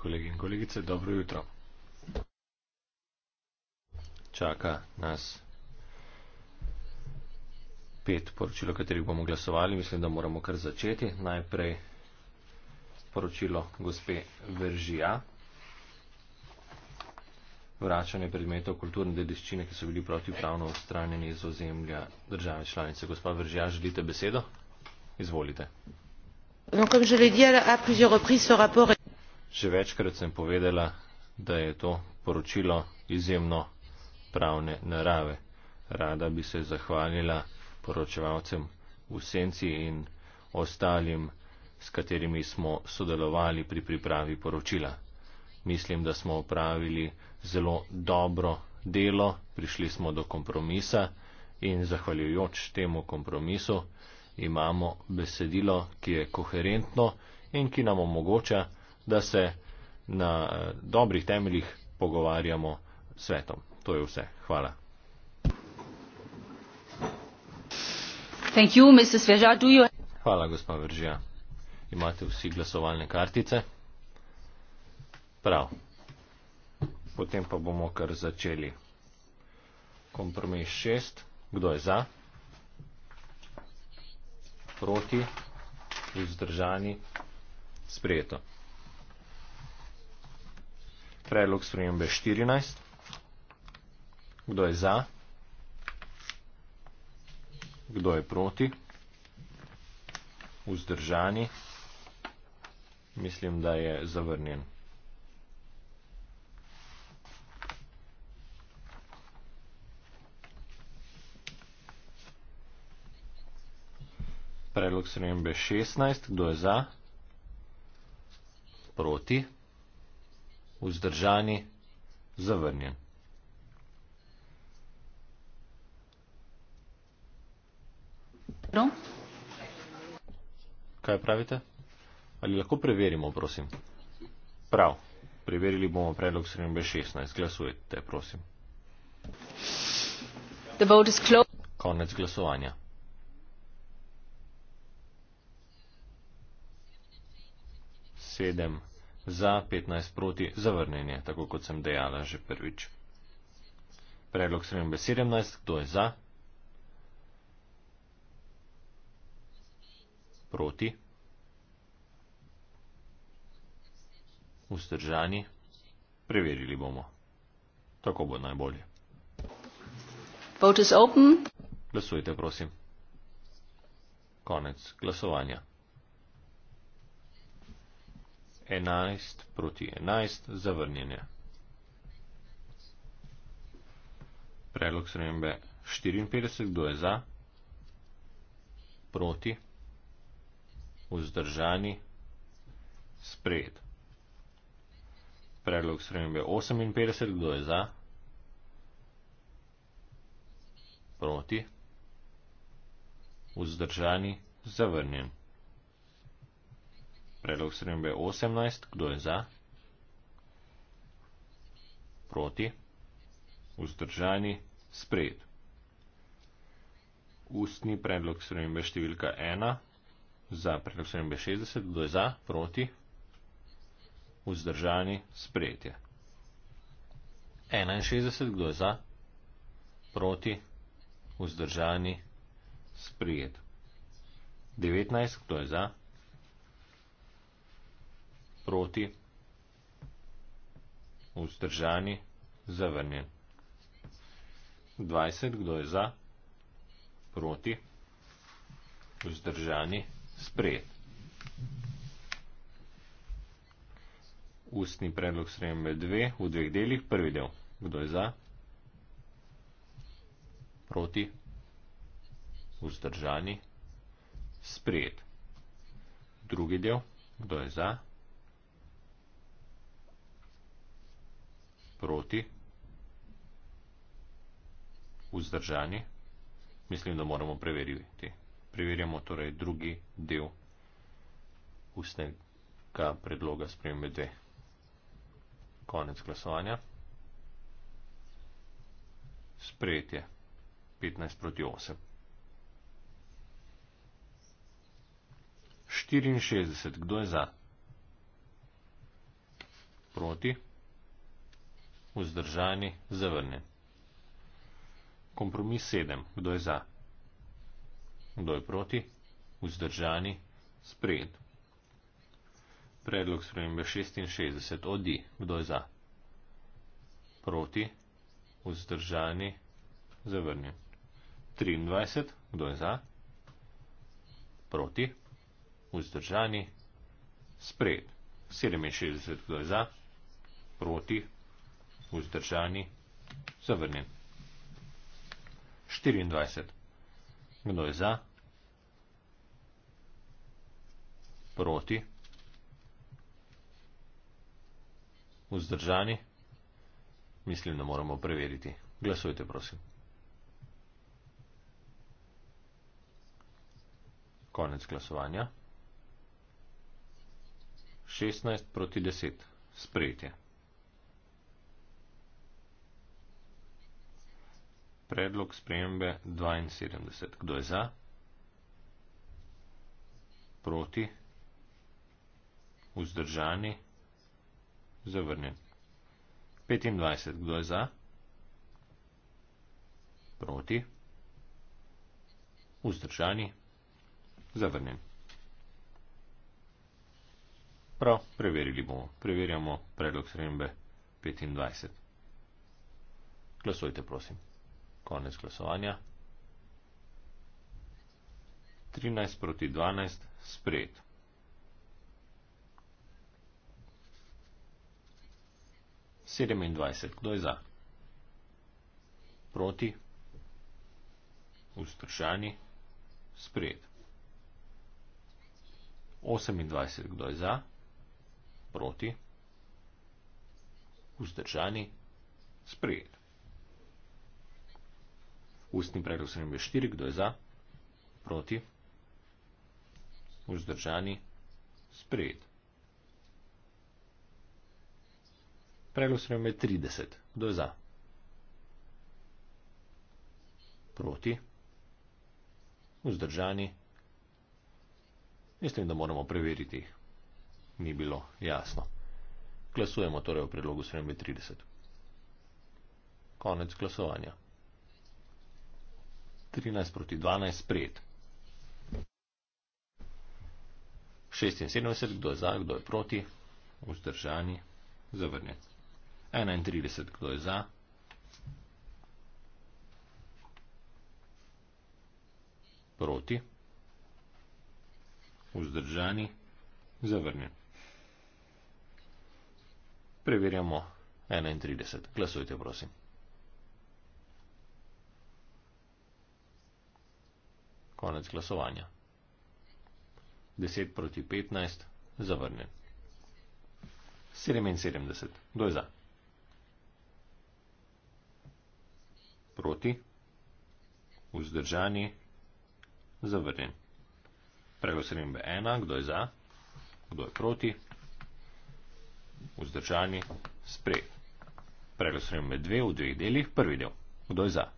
kolegi in kolegice dobro jutro čaka nas pet poročil o katerih bomo glasovali mislim da moramo kar začeti najprej poročilo gospe veržija vračanje predmetov kulturne dediščine, ki so bili protipravno ustranjeni iz ozemlja države članice. Gospa Vržja, želite besedo? Izvolite že večkrat sem povedala, da je to poročilo izjemno pravne narave. Rada bi se zahvalila poročevalcem v senci in ostalim, s katerimi smo sodelovali pri pripravi poročila. Mislim, da smo opravili zelo dobro delo, prišli smo do kompromisa in zahvaljujoč temu kompromisu imamo besedilo, ki je koherentno in ki nam omogoča, da se na eh, dobrih temeljih pogovarjamo s svetom. To je vse. Hvala. You, Sveža, you... Hvala, gospa Vržija. Imate vsi glasovalne kartice? Prav. Potem pa bomo kar začeli. Kompromis 6. Kdo je za? proti, vzdržani, sprejeto. Predlog spremembe 14. Kdo je za? Kdo je proti? Vzdržani? Mislim, da je zavrnjen. Predlog spremembe 16. Kdo je za? Proti? Vzdržani? Zavrnjen. No. Kaj pravite? Ali lahko preverimo, prosim? Prav. Preverili bomo predlog spremembe 16. Glasujte, prosim. Konec glasovanja. sedem za, petnajst proti zavrnjenje, tako kot sem dejala že prvič. Predlog spremembe sedemnajst, kdo je za? Proti? Vzdržani? Preverili bomo. Tako bo najbolje. Glasujte, prosim. Konec glasovanja. 11 proti 11 zavrnjenje. Predlog srembe 54, kdo je za, proti, vzdržani, spred. Predlog srembe 58, kdo je za, proti, vzdržani, zavrnjen. Predlog strenbe je 18. Kdo je za? Proti? Vzdržani? Sprejet. Ustni predlog strenbe številka 1. Za predlog strenbe 60. Kdo je za? Proti? Vzdržani? Sprejet je. 61. Kdo je za? Proti? Vzdržani? Sprejet. 19. Kdo je za? Proti? proti, vzdržani, zavrnjen. 20, kdo je za, proti, vzdržani, sprejet. Ustni predlog sprejembe 2 v dveh delih, prvi del, kdo je za, proti, vzdržani, sprejet. Drugi del, kdo je za, proti. proti, vzdržani, mislim, da moramo preveriti. Preverjamo torej drugi del ustnega predloga spremembe 2. Konec glasovanja. Sprejetje 15 proti 8. 64. Kdo je za? Proti vzdržani, zavrnjen. Kompromis 7. Kdo je za? Kdo je proti? Vzdržani, sprejet. Predlog spremembe 66. Odi. Kdo je za? Proti, vzdržani, zavrnjen. 23. Kdo je za? Proti, vzdržani, sprejet. 67. Kdo je za? Proti, vzdržani, zavrnjen. 24. Kdo je za? Proti? Vzdržani? Mislim, da moramo preveriti. Glasujte, prosim. Konec glasovanja. 16 proti 10. Sprejetje. predlog spremembe 72. Kdo je za? Proti? Vzdržani? Zavrnjen. 25. Kdo je za? Proti? Vzdržani? Zavrnjen. Prav, preverili bomo. Preverjamo predlog spremembe 25. Glasujte, prosim konec glasovanja. 13 proti 12, sprejet. Sedemindvajset, kdo je za? Proti? Vzdržani? Sprejet. Osemindvajset, kdo je za? Proti? Vzdržani? Sprejet. Ustni predlog se imenuje 4, kdo je za, proti, vzdržani, sprejet. Predlog se imenuje 30, kdo je za, proti, vzdržani. Mislim, da moramo preveriti, ni bilo jasno. Glasujemo torej o predlogu se imenuje 30. Konec glasovanja. 13 proti 12 sprejet. 76, kdo je za, kdo je proti, vzdržani, zavrnjen. 31, kdo je za. 1, zavrnjen. Preverjamo 31. Glasujte, prosim. Konec glasovanja. 10 proti 15, zavrnjen. 77, kdo je za? Proti, vzdržani, zavrnjen. Prego se rimbe 1, kdo je za, kdo je proti, vzdržani, sprejet. Prego se rimbe 2 v dveh delih, prvi del, kdo je za.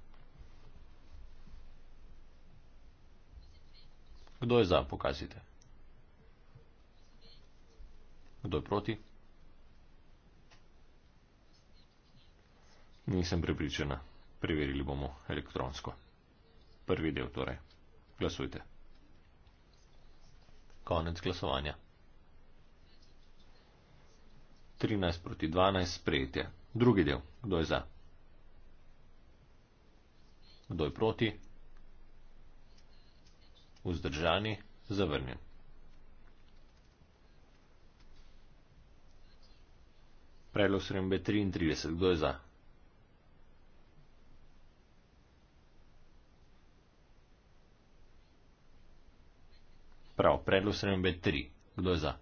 Kdo je za, pokazite. Kdo je proti? Nisem pripričana. Preverili bomo elektronsko. Prvi del torej. Glasujte. Konec glasovanja. 13 proti 12 sprejete. Drugi del. Kdo je za? Kdo je proti? vzdržani zavrnjen. Predlog srembe 33, kdo je za? Prav, predlog srembe 3, kdo je za?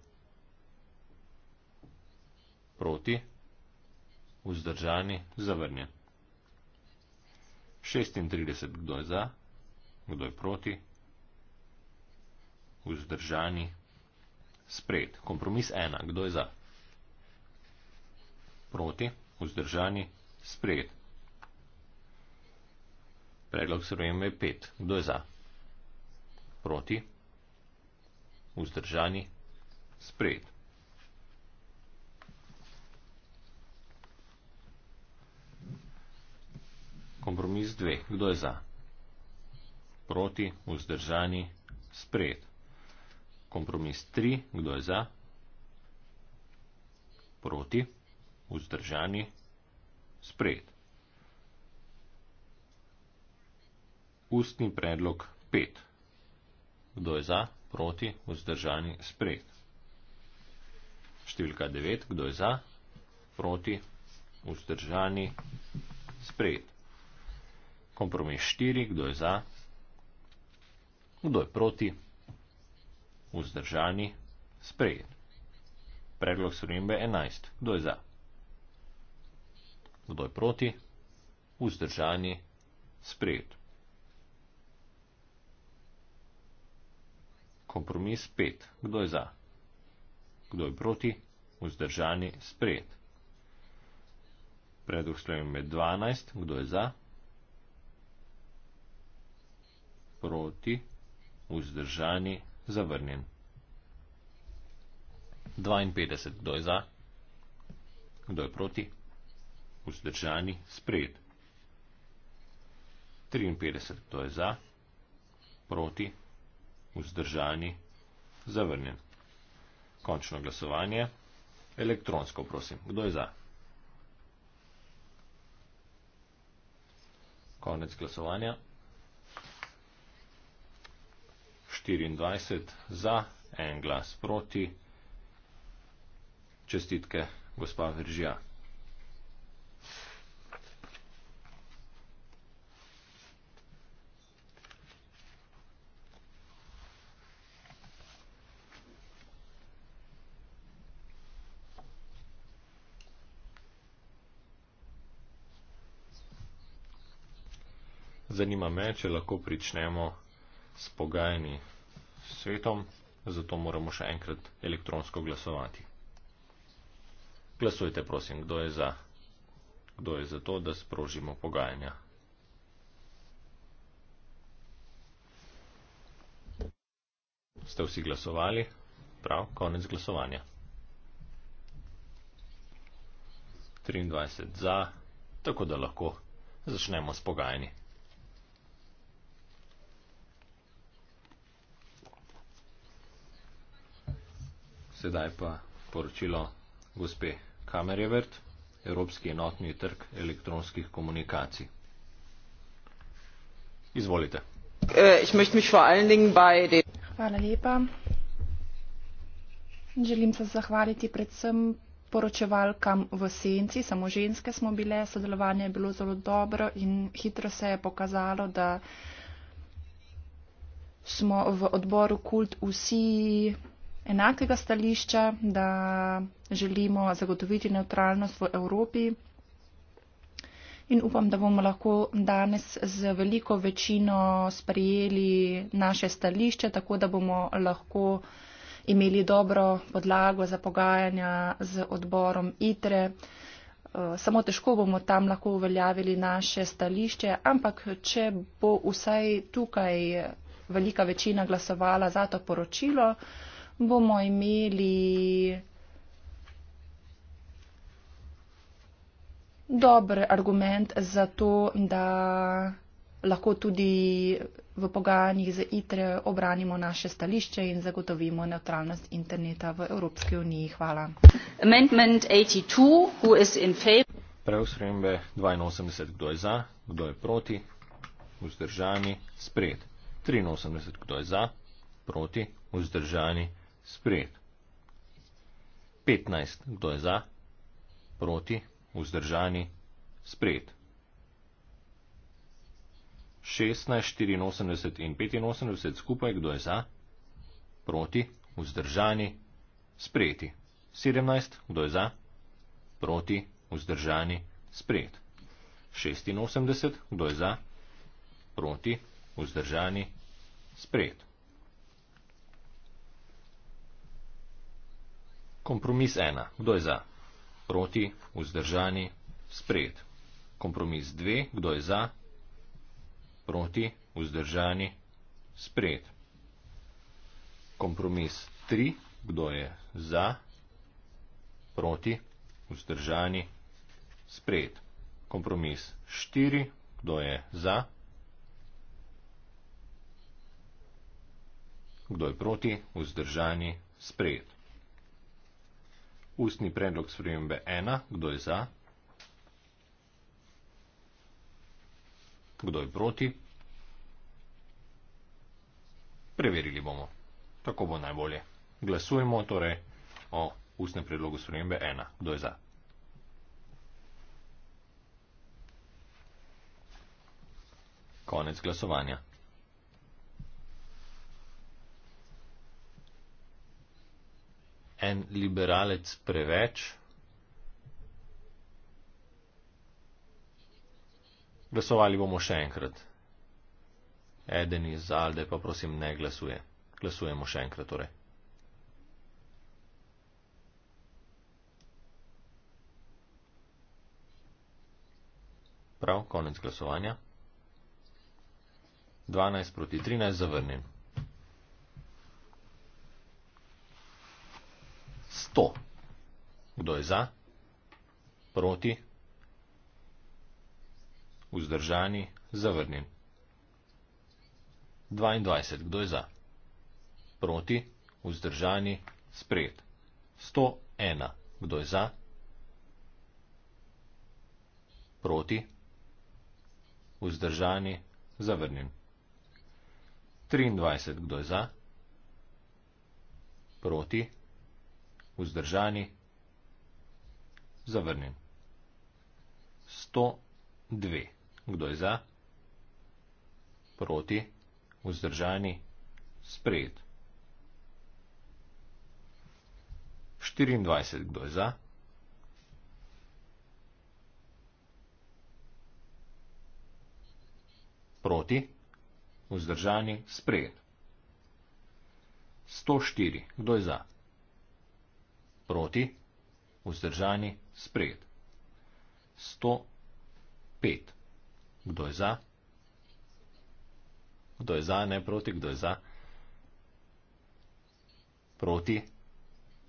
Proti, vzdržani, zavrnjen. 36, kdo je za? Kdo je proti? vzdržani. Sprejet. Kompromis ena. Kdo je za? Proti. Vzdržani. Sprejet. Predlog sprejeme je pet. Kdo je za? Proti. Vzdržani. Sprejet. Kompromis dve. Kdo je za? Proti. Vzdržani. Sprejet kompromis 3, kdo je za, proti, vzdržani, sprejet. Ustni predlog 5, kdo je za, proti, vzdržani, sprejet. Številka 9, kdo je za, proti, vzdržani, sprejet. Kompromis 4, kdo je za, kdo je proti, vzdržani, sprejet vzdržani, sprejet. Predlog spremembe 11. Kdo je za? Kdo je proti? Vzdržani, sprejet. Kompromis 5. Kdo je za? Kdo je proti? Vzdržani, sprejet. Predlog spremembe 12. Kdo je za? Proti, vzdržani, sprejet zavrnjen. 52. Kdo je za? Kdo je proti? Vzdržani, sprejet. 53. Kdo je za? Proti? Vzdržani, zavrnjen. Končno glasovanje. Elektronsko, prosim. Kdo je za? Konec glasovanja. 24 za, en glas proti. Čestitke, gospa Veržija. Zanima me, če lahko pričnemo s pogajanji s svetom, zato moramo še enkrat elektronsko glasovati. Glasujte, prosim, kdo je za, kdo je za to, da sprožimo pogajanja. Ste vsi glasovali? Prav, konec glasovanja. 23 za, tako da lahko začnemo s pogajanji. Sedaj pa poročilo gospe Kamerjevert, Evropski enotni trg elektronskih komunikacij. Izvolite. Äh, Hvala lepa. Želim se zahvaliti predvsem poročevalkam v senci, samo ženske smo bile, sodelovanje je bilo zelo dobro in hitro se je pokazalo, da smo v odboru kult vsi enakega stališča, da želimo zagotoviti neutralnost v Evropi. In upam, da bomo lahko danes z veliko večino sprejeli naše stališče, tako da bomo lahko imeli dobro podlago za pogajanja z odborom ITRE. Eh, samo težko bomo tam lahko uveljavili naše stališče, ampak če bo vsaj tukaj velika večina glasovala za to poročilo, bomo imeli dober argument za to, da lahko tudi v pogajanjih za ITRE obranimo naše stališče in zagotovimo neutralnost interneta v Evropski uniji. Hvala. Amendment 82, who is in favor? Prav sprembe 82, kdo je za, kdo je proti, vzdržani, spred. 83, kdo je za, proti, vzdržani, spred. Sprejet. 15. Kdo je za? Proti? Vzdržani? Sprejet. 16, 84 in 85 skupaj, kdo je za? Proti, vzdržani, sprejeti. 17, kdo je za? Proti, vzdržani, sprejeti. 86, kdo je za? Proti, vzdržani, sprejeti. Kompromis ena. Kdo je za? Proti, vzdržani, sprejet. Kompromis dve. Kdo je za? Proti, vzdržani, sprejet. Kompromis tri. Kdo je za? Proti, vzdržani, sprejet. Kompromis štiri. Kdo je za? Kdo je proti? Vzdržani, sprejet. Ustni predlog spremembe ena. Kdo je za? Kdo je proti? Preverili bomo. Tako bo najbolje. Glasujemo torej o ustnem predlogu spremembe ena. Kdo je za? Konec glasovanja. en liberalec preveč? Glasovali bomo še enkrat. Eden iz Alde pa prosim ne glasuje. Glasujemo še enkrat torej. Prav, konec glasovanja. 12 proti 13 zavrnjen. 100. Kdo je za? Proti? Vzdržani? Zavrnjen. 22. Kdo je za? Proti? Vzdržani? Sprejet. 101. Kdo je za? Proti? Vzdržani? Zavrnjen. 23. Kdo je za? Proti? Vzdržani? vzdržani, zavrnjen. 102. Kdo je za? Proti, vzdržani, sprejet. 24. Kdo je za? Proti, vzdržani, sprejet. 104. Kdo je za? Proti, vzdržani, sprejet. 105. Kdo je za? Kdo je za, ne proti, kdo je za? Proti,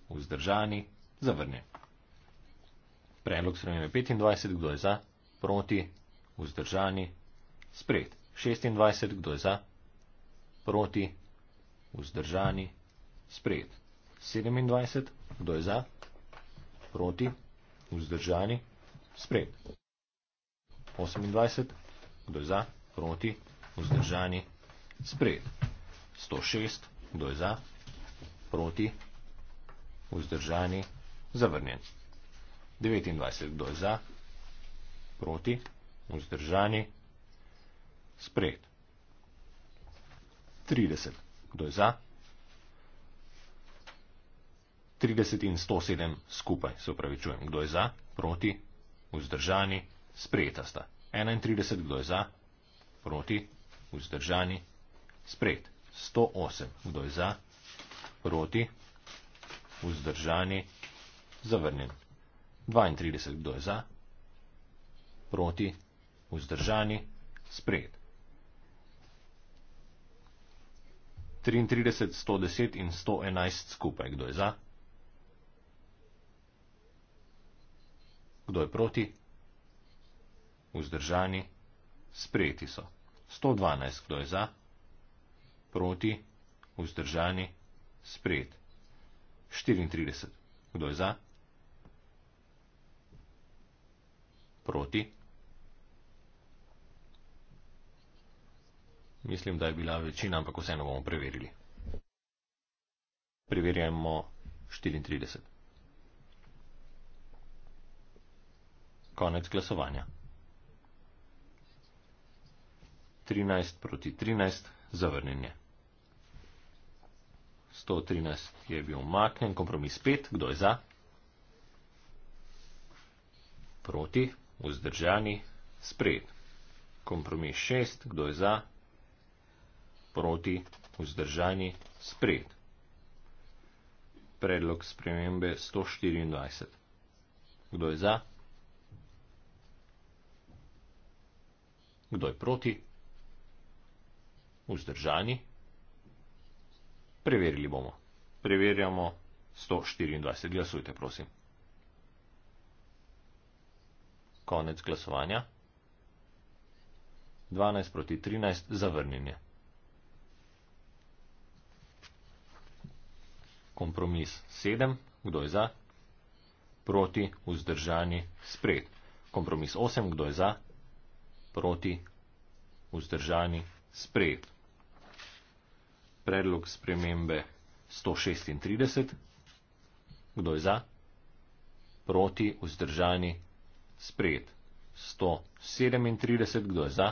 vzdržani, zavrne. Predlog spremembe 25. Kdo je za? Proti, vzdržani, sprejet. 26. Kdo je za? Proti, vzdržani, sprejet. 27. Kdo je za? Proti? Vzdržani? Sprejem. 28. Kdo je za? Proti? Vzdržani? Sprejem. 106. Kdo je za? Proti? Vzdržani? Zavrnjen. 29. Kdo je za? Proti? Vzdržani? Sprejem. 30. Kdo je za? Proti? 30 in 107 skupaj, se upravičujem. Kdo je za, proti, vzdržani, sprejeta sta. 31, kdo je za, proti, vzdržani, sprejet. 108, kdo je za, proti, vzdržani, zavrnjen. 32, kdo je za, proti, vzdržani, sprejet. 33, 110 in 111 skupaj, kdo je za, proti, vzdržani, sprejet. Kdo je proti? Vzdržani. Sprejeti so. 112. Kdo je za? Proti. Vzdržani. Sprejeti. 34. Kdo je za? Proti. Mislim, da je bila večina, ampak vseeno bomo preverili. Preverjamo 34. konec glasovanja. 13 proti 13 zavrnjenje. 113 je bil umaknjen, kompromis 5, kdo je za? Proti, vzdržani, sprejet. Kompromis 6, kdo je za? Proti, vzdržani, sprejet. Predlog spremembe 124. Kdo je za? Kdo je proti? Vzdržani? Preverili bomo. Preverjamo 124. Glasujte, prosim. Konec glasovanja. 12 proti 13. Zavrnjenje. Kompromis 7. Kdo je za? Proti, vzdržani, spred. Kompromis 8. Kdo je za? proti, vzdržani, sprejet. Predlog spremembe 136. Kdo je za? Proti, vzdržani, sprejet. 137. Kdo je za?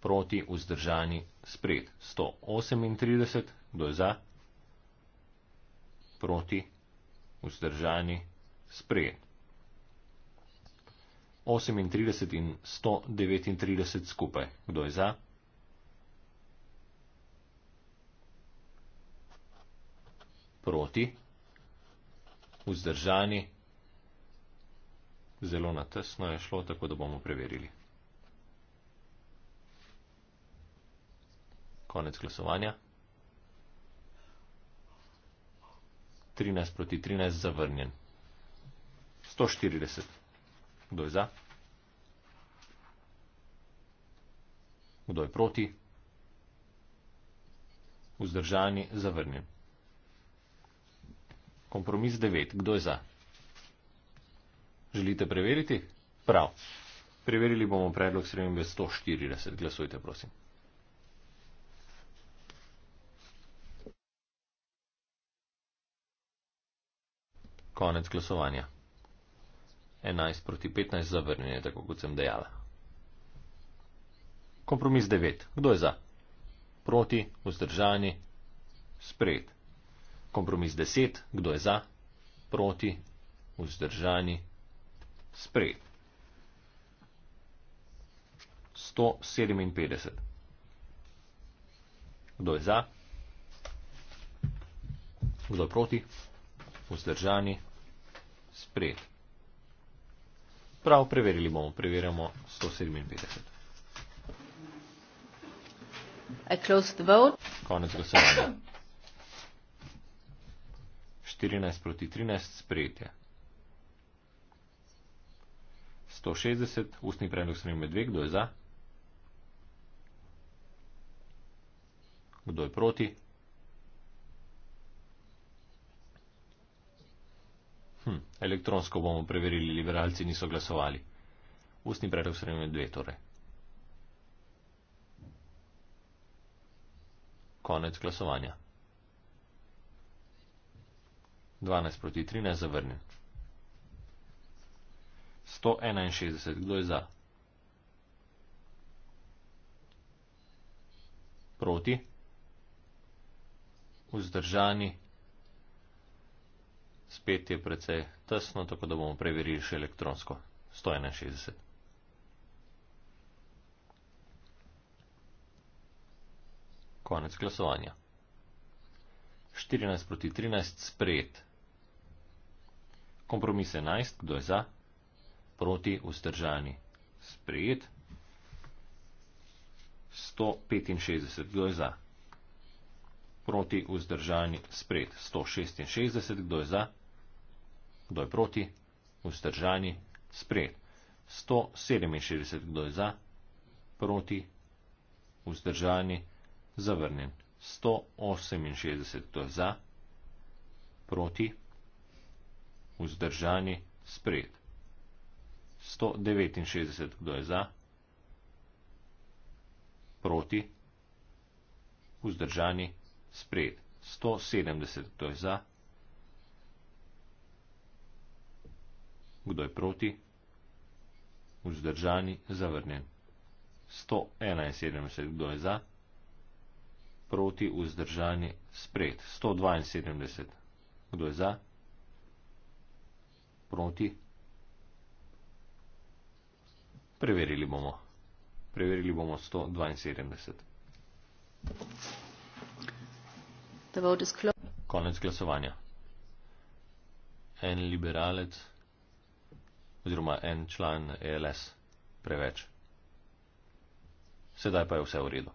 Proti, vzdržani, sprejet. 138. Kdo je za? Proti, vzdržani, sprejet. 38 in 139 skupaj. Kdo je za? Proti, vzdržani, zelo na tesno je šlo, tako da bomo preverili. Konec glasovanja. 13 proti 13 zavrnjen. 140. Kdo je za? Kdo je proti? Vzdržani, zavrnjen. Kompromis 9. Kdo je za? Želite preveriti? Prav. Preverili bomo predlog spremembe 140. Glasujte, prosim. Konec glasovanja. 11 proti 15 zavrnjen je, tako kot sem dejala. Kompromis 9. Kdo je za? Proti, vzdržani, sprejet. Kompromis 10. Kdo je za? Proti, vzdržani, sprejet. 157. Kdo je za? Kdo je proti? Vzdržani, sprejet. Prav, preverili bomo. Preverjamo 157. Konec glasovanja. 14 proti 13, sprejetje. 160, ustni predlog s njim dve, kdo je za? Kdo je proti? Hm, elektronsko bomo preverili, liberalci niso glasovali. Ustni predlog sremenje dve, torej. Konec glasovanja. 12 proti 13 zavrnjen. 161, kdo je za? Proti? Vzdržani spet je precej tesno, tako da bomo preverili še elektronsko. 161. Konec glasovanja. 14 proti 13 sprejet. Kompromis 11, kdo je za? Proti vzdržani sprejet. 165, kdo je za? Proti vzdržani sprejet. 166, kdo je za? kdo je proti, vzdržani, sprejet. 167, kdo je za, proti, vzdržani, zavrnjen. 168, kdo je za, proti, vzdržani, sprejet. 169, kdo je za, proti, vzdržani, sprejet. 170, kdo je za, proti. kdo je proti, vzdržani, zavrnjen. 171, kdo je za, proti, vzdržani, spred. 172, kdo je za, proti. Preverili bomo. Preverili bomo 172. Konec glasovanja. En liberalec oziroma en član ELS preveč. Sedaj pa je vse v redu.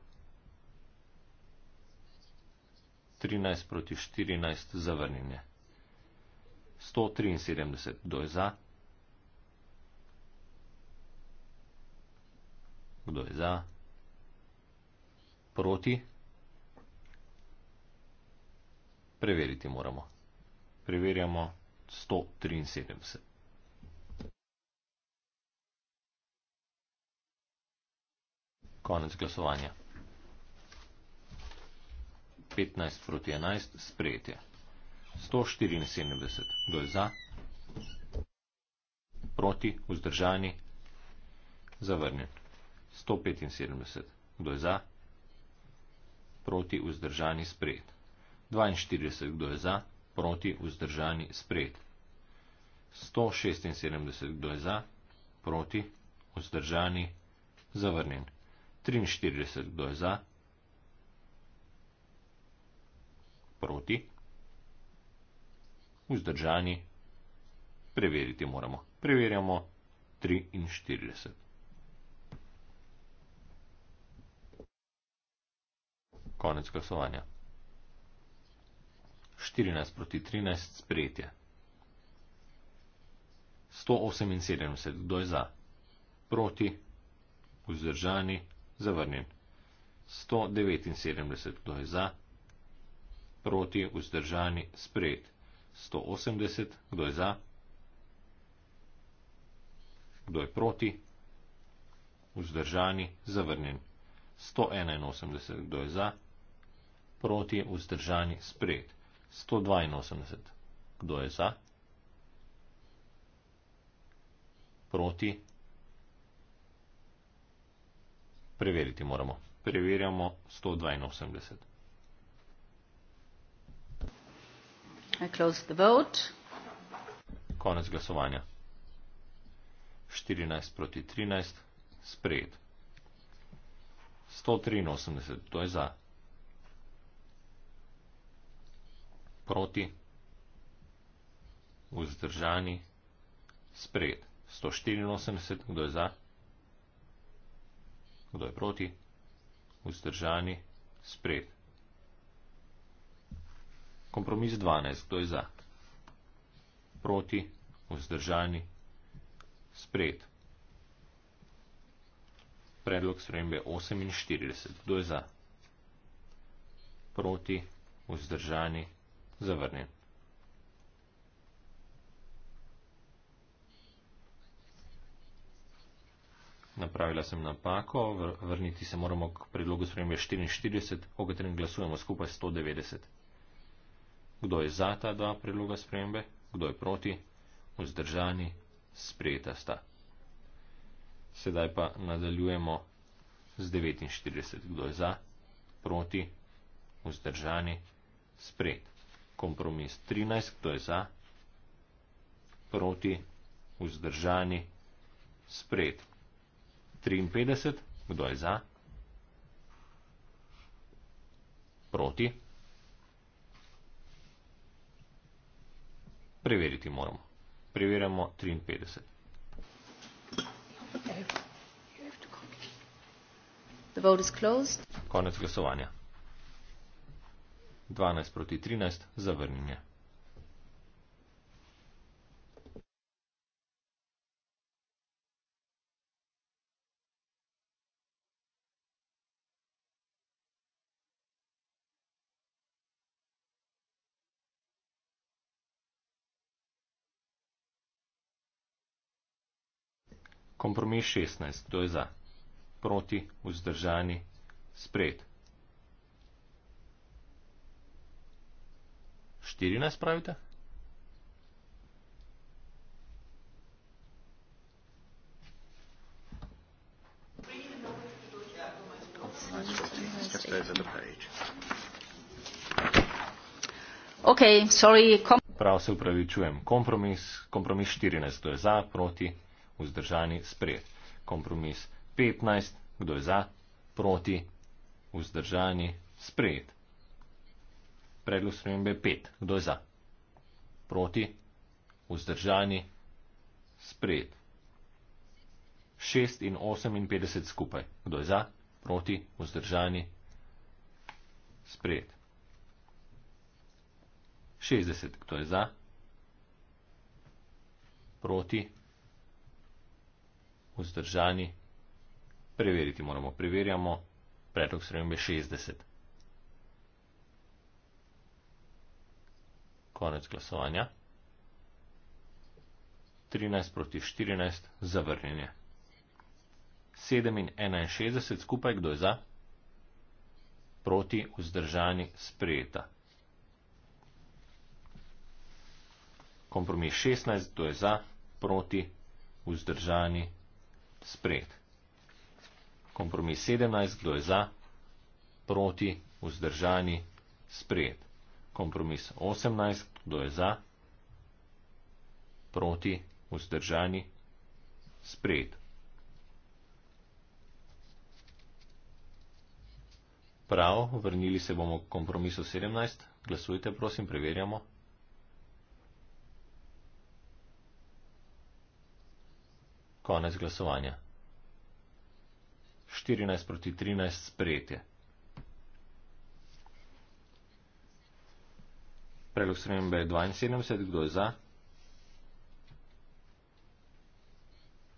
13 proti 14 zavrnjenje. 173 kdo je za? Kdo je za? Proti? Preveriti moramo. Preverjamo 173. Konec glasovanja. 15 proti 11, sprejetje. 174, kdo je za? Proti, vzdržani, zavrnjen. 175, kdo je za? Proti, vzdržani, sprejet. 42, kdo je za? Proti, vzdržani, sprejet. 176, kdo je za? Proti, vzdržani, zavrnjen. 43, kdo je za? Proti? Vzdržani? Preveriti moramo. Preverjamo 43. Konec glasovanja. 14 proti 13, sprejetje. 178, kdo je za? Proti? Vzdržani? zavrnjen. 179 kdo je za, proti, vzdržani, sprejet. 180 kdo je za, kdo je proti, vzdržani, zavrnjen. 181 kdo je za, proti, vzdržani, sprejet. 182 kdo je za, proti, vzdržani, sprejet. Preveriti moramo. Preverjamo 182. I close the vote. Konec glasovanja. 14 proti 13. Sprejet. 183. To je za. Proti. Vzdržani. Sprejet. 184. Kdo je za? Kdo je proti? Vzdržani. Spred. Kompromis 12. Kdo je za? Proti. Vzdržani. Spred. Predlog spremembe 48. Kdo je za? Proti. Vzdržani. Zavrnjen. napravila sem napako, vrniti se moramo k predlogu spremembe 44, o katerem glasujemo skupaj 190. Kdo je za ta dva predloga spremembe, kdo je proti, vzdržani, sprejeta sta. Sedaj pa nadaljujemo z 49, kdo je za, proti, vzdržani, sprejet. Kompromis 13, kdo je za, proti, vzdržani, sprejet. 53, kdo je za? Proti? Preveriti moramo. Preverjamo 53. The vote is closed. Konec glasovanja. 12 proti 13, zavrnjenje. Kompromis 16. Kdo je za? Proti, vzdržani, spred. 14 pravite? Okay, sorry. Prav se upravičujem. Kompromis, kompromis 14. Kdo je za? Proti, vzdržani sprejet. Kompromis 15, kdo je za, proti, vzdržani sprejet. Predlog spremembe 5, kdo je za, proti, vzdržani sprejet. 6 in 58 skupaj, kdo je za, proti, vzdržani sprejet. 60, kdo je za, proti, vzdržani sprejet vzdržani. Preveriti moramo, preverjamo. Predlog spremembe 60. Konec glasovanja. 13 proti 14, zavrnjenje. 7 in 61 skupaj, kdo je za? Proti vzdržani sprejeta. Kompromis 16, kdo je za? Proti vzdržani sprejeta sprejet. Kompromis 17, kdo je za, proti, vzdržani, sprejet. Kompromis 18, kdo je za, proti, vzdržani, sprejet. Prav, vrnili se bomo k kompromisu 17, glasujte prosim, preverjamo. Konec glasovanja. 14 proti 13 sprejetje. Predlog spremembe je 72. Kdo je za?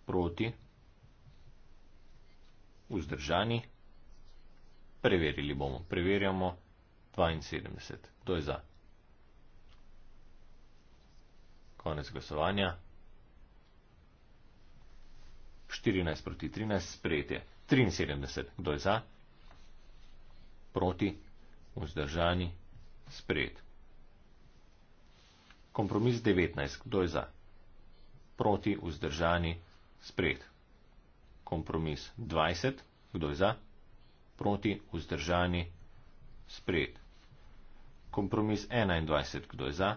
Proti? Vzdržani? Preverili bomo. Preverjamo. 72. Kdo je za? Konec glasovanja. 14 proti 13, sprejetje 73, kdo je za, proti, vzdržani, sprejet. Kompromis 19, kdo je za, proti, vzdržani, sprejet. Kompromis 20, kdo je za, proti, vzdržani, sprejet. Kompromis 21, kdo je za,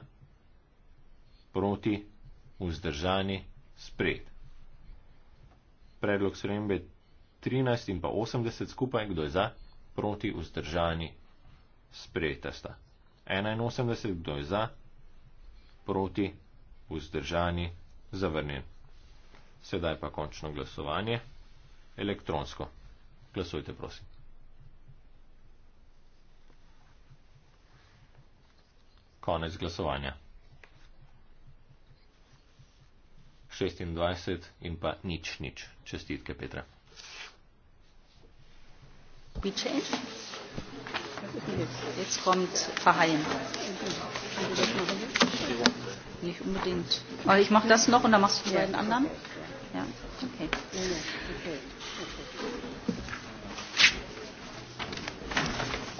proti, vzdržani, sprejet predlog srembe 13 in pa 80 skupaj, kdo je za, proti, vzdržani, sprejeta sta. 81, kdo je za, proti, vzdržani, zavrnjen. Sedaj pa končno glasovanje, elektronsko. Glasujte, prosim. Konec glasovanja. 26 in pa nič, nič. Čestitke, Petra. Piče? Jetzt kommt Verheyen. Nicht unbedingt. Aber ich mache das noch und dann machst du die beiden anderen. Ja, okay.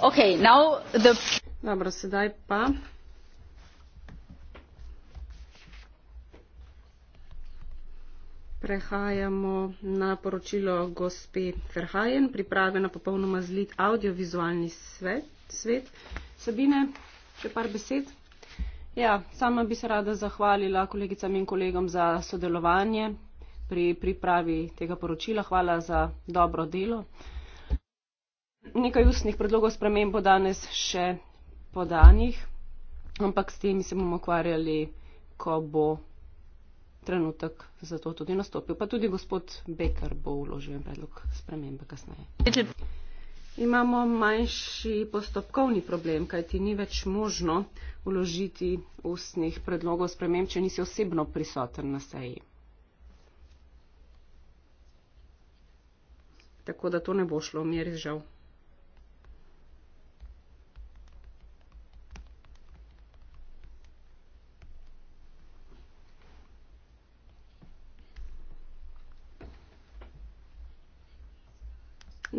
Okay, now the. Dobro, sedaj pa. Prehajamo na poročilo gospe Ferhajen, pripravljena popolnoma zlit audiovizualni svet. svet. Sabine, še par besed. Ja, sama bi se rada zahvalila kolegicam in kolegom za sodelovanje pri pripravi tega poročila. Hvala za dobro delo. Nekaj ustnih predlogov sprememb bo danes še podanih, ampak s temi se bomo ukvarjali, ko bo trenutek za to tudi nastopil. Pa tudi gospod Bekar bo uložil en predlog spremembe kasneje. Imamo manjši postopkovni problem, kajti ni več možno uložiti ustnih predlogov sprememb, če nisi osebno prisoten na seji. Tako da to ne bo šlo, mi je res žal.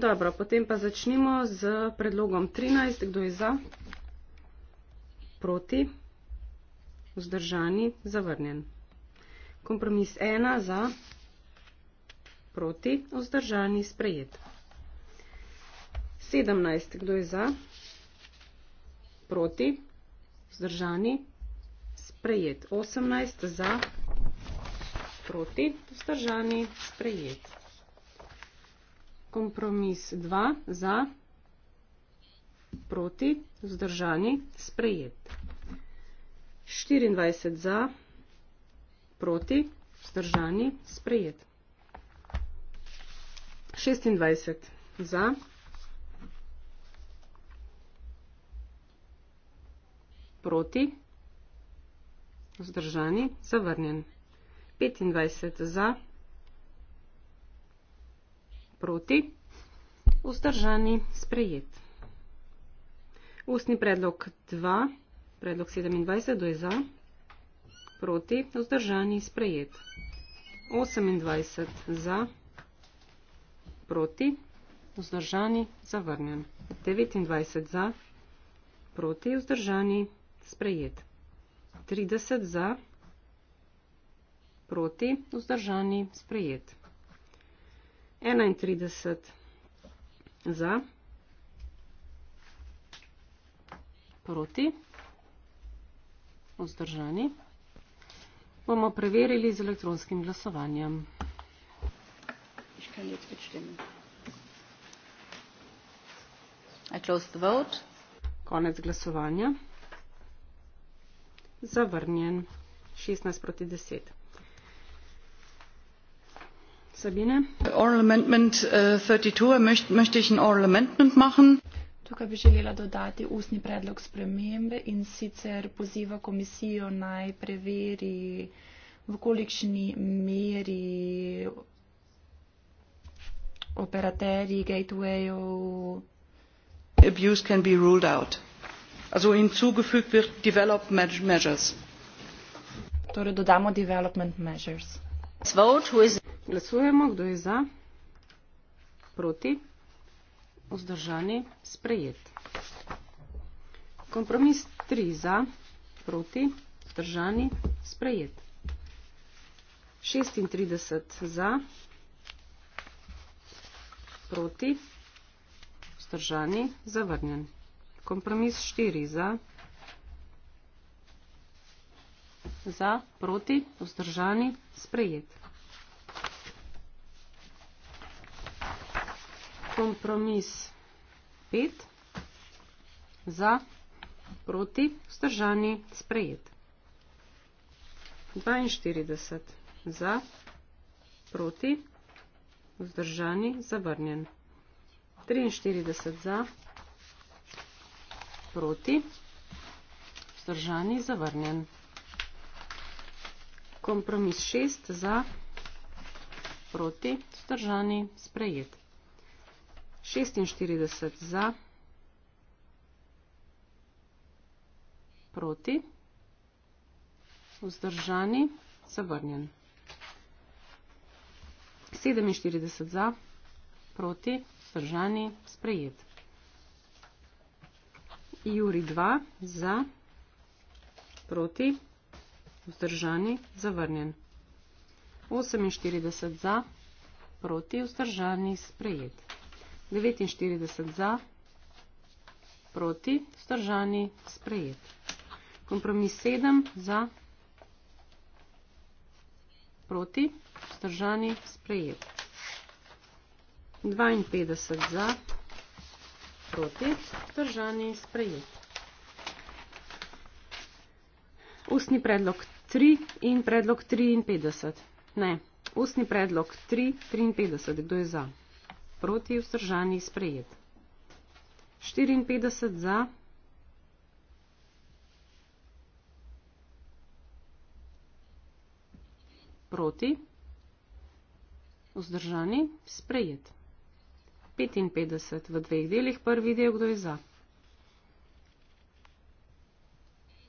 Dobro, potem pa začnimo z predlogom 13. Kdo je za? Proti? Vzdržani? Zavrnjen. Kompromis 1 za? Proti? Vzdržani? Sprejet. 17. Kdo je za? Proti? Vzdržani? Sprejet. 18 za? Proti? Vzdržani? Sprejet kompromis 2 za, proti, vzdržani, sprejet. 24 za, proti, vzdržani, sprejet. 26 za, proti, vzdržani, zavrnjen. 25 za, proti, vzdržani, zavrnjen proti, vzdržani, sprejet. Ustni predlog 2, predlog 27, do je za, proti, vzdržani, sprejet. 28 za, proti, vzdržani, zavrnjen. 29 za, proti, vzdržani, sprejet. 30 za, proti, vzdržani, sprejet. 31 za, proti, vzdržani, bomo preverili z elektronskim glasovanjem. Konec glasovanja. Zavrnjen. 16 proti 10. Uh, tukaj bi želela dodati ustni predlog spremembe in sicer poziva komisijo naj preveri v kolikšni meri operaterji gatewayov abuse can be ruled out also hinzugefügt wird develop measures torej dodamo development measures Glasujemo, kdo je za, proti, vzdržani, sprejet. Kompromis 3 za, proti, vzdržani, sprejet. 36 za, proti, vzdržani, zavrnjen. Kompromis 4 za, za, proti, vzdržani, sprejet. kompromis 5 za proti vzdržani sprejet. 42 za proti vzdržani zavrnjen. 43 za proti vzdržani zavrnjen. Kompromis 6 za proti vzdržani sprejet. 46 za, proti, vzdržani, zavrnjen. 47 za, proti, vzdržani, sprejet. Juri 2 za, proti, vzdržani, zavrnjen. 48 za, proti, vzdržani, sprejet. 49 za, proti, vzdržani, sprejet. Kompromis 7 za, proti, vzdržani, sprejet. 52 za, proti, vzdržani, sprejet. Ustni predlog 3 in predlog 53. Ne, ustni predlog 3, 53. Kdo je za? proti, vzdržani, sprejet. 54 za. 55 v dveh delih, prvi del, kdo je za.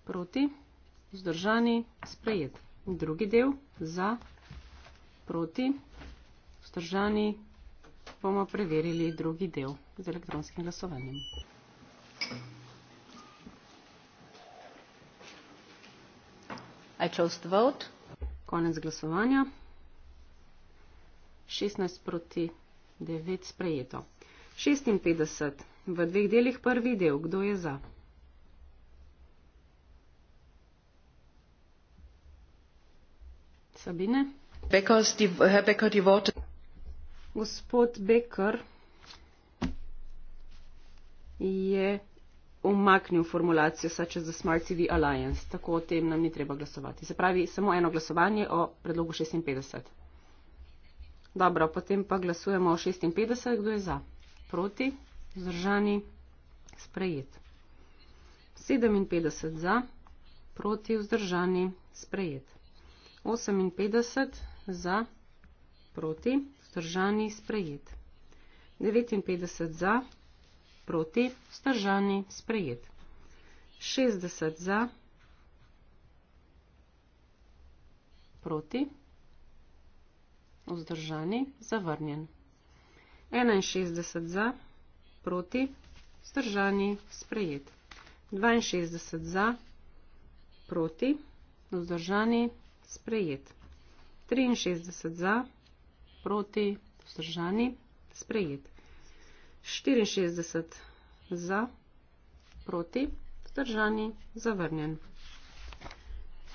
Proti, vzdržani, sprejet. Drugi del, za, proti, vzdržani, sprejet bomo preverili drugi del z elektronskim glasovanjem. I chose to vote. Konec glasovanja. 16 proti 9 sprejeto. 56 v dveh delih prvi del. Kdo je za? Sabine? Because the, because the water... Gospod Becker je umaknil formulacijo Such as the Smart TV Alliance, tako o tem nam ni treba glasovati. Se pravi, samo eno glasovanje o predlogu 56. Dobro, potem pa glasujemo o 56, kdo je za? Proti, zdržani, sprejet. 57 za, proti, vzdržani, sprejet. 58 za, proti, vzdržani, sprejet. 59 za, proti, vzdržani, sprejet. 60 za, proti, vzdržani, zavrnjen. 61 za, proti, vzdržani, sprejet. 62 za, proti, vzdržani, sprejet. 63 za, proti, vzdržani, sprejet proti, vzdržani, sprejet. 64 za, proti, vzdržani, zavrnjen.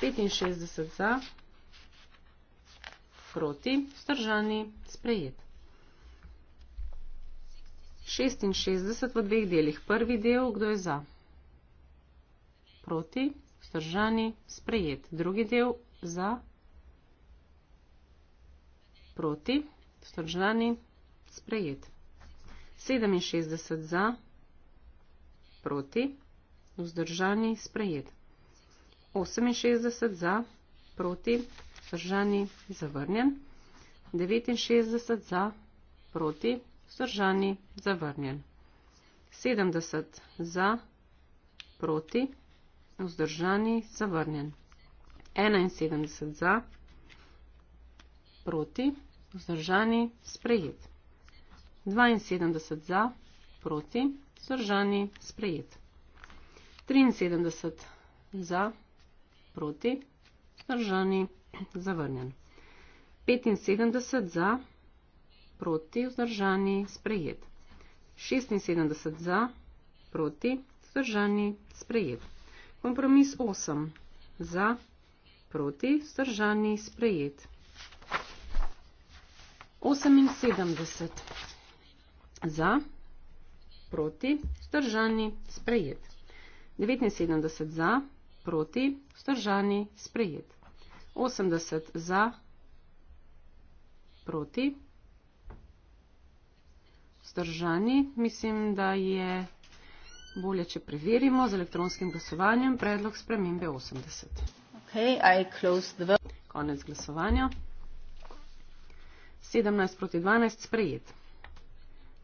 65 za, proti, vzdržani, sprejet. 66 v dveh delih. Prvi del, kdo je za? Proti, vzdržani, sprejet. Drugi del, za, proti proti, vzdržani, sprejet. 67 za, proti, vzdržani, sprejet. 68 za, proti, vzdržani, zavrnjen. 69 za, proti, vzdržani, zavrnjen. 70 za, proti, vzdržani, zavrnjen. 71 za, proti, vzdržani, zavrnjen vzdržani, sprejet. 72 za, proti, vzdržani, sprejet. 73 za, proti, vzdržani, zavrnjen. 75 za, proti, vzdržani, sprejet. 76 za, proti, vzdržani, sprejet. Kompromis 8 za, proti, vzdržani, sprejet. 78 za, proti, vzdržani, sprejet. 79 za, proti, vzdržani, sprejet. 80 za, proti, vzdržani, mislim, da je bolje, če preverimo z elektronskim glasovanjem predlog spremembe 80. Okay, Konec glasovanja. 17 proti 12 sprejet.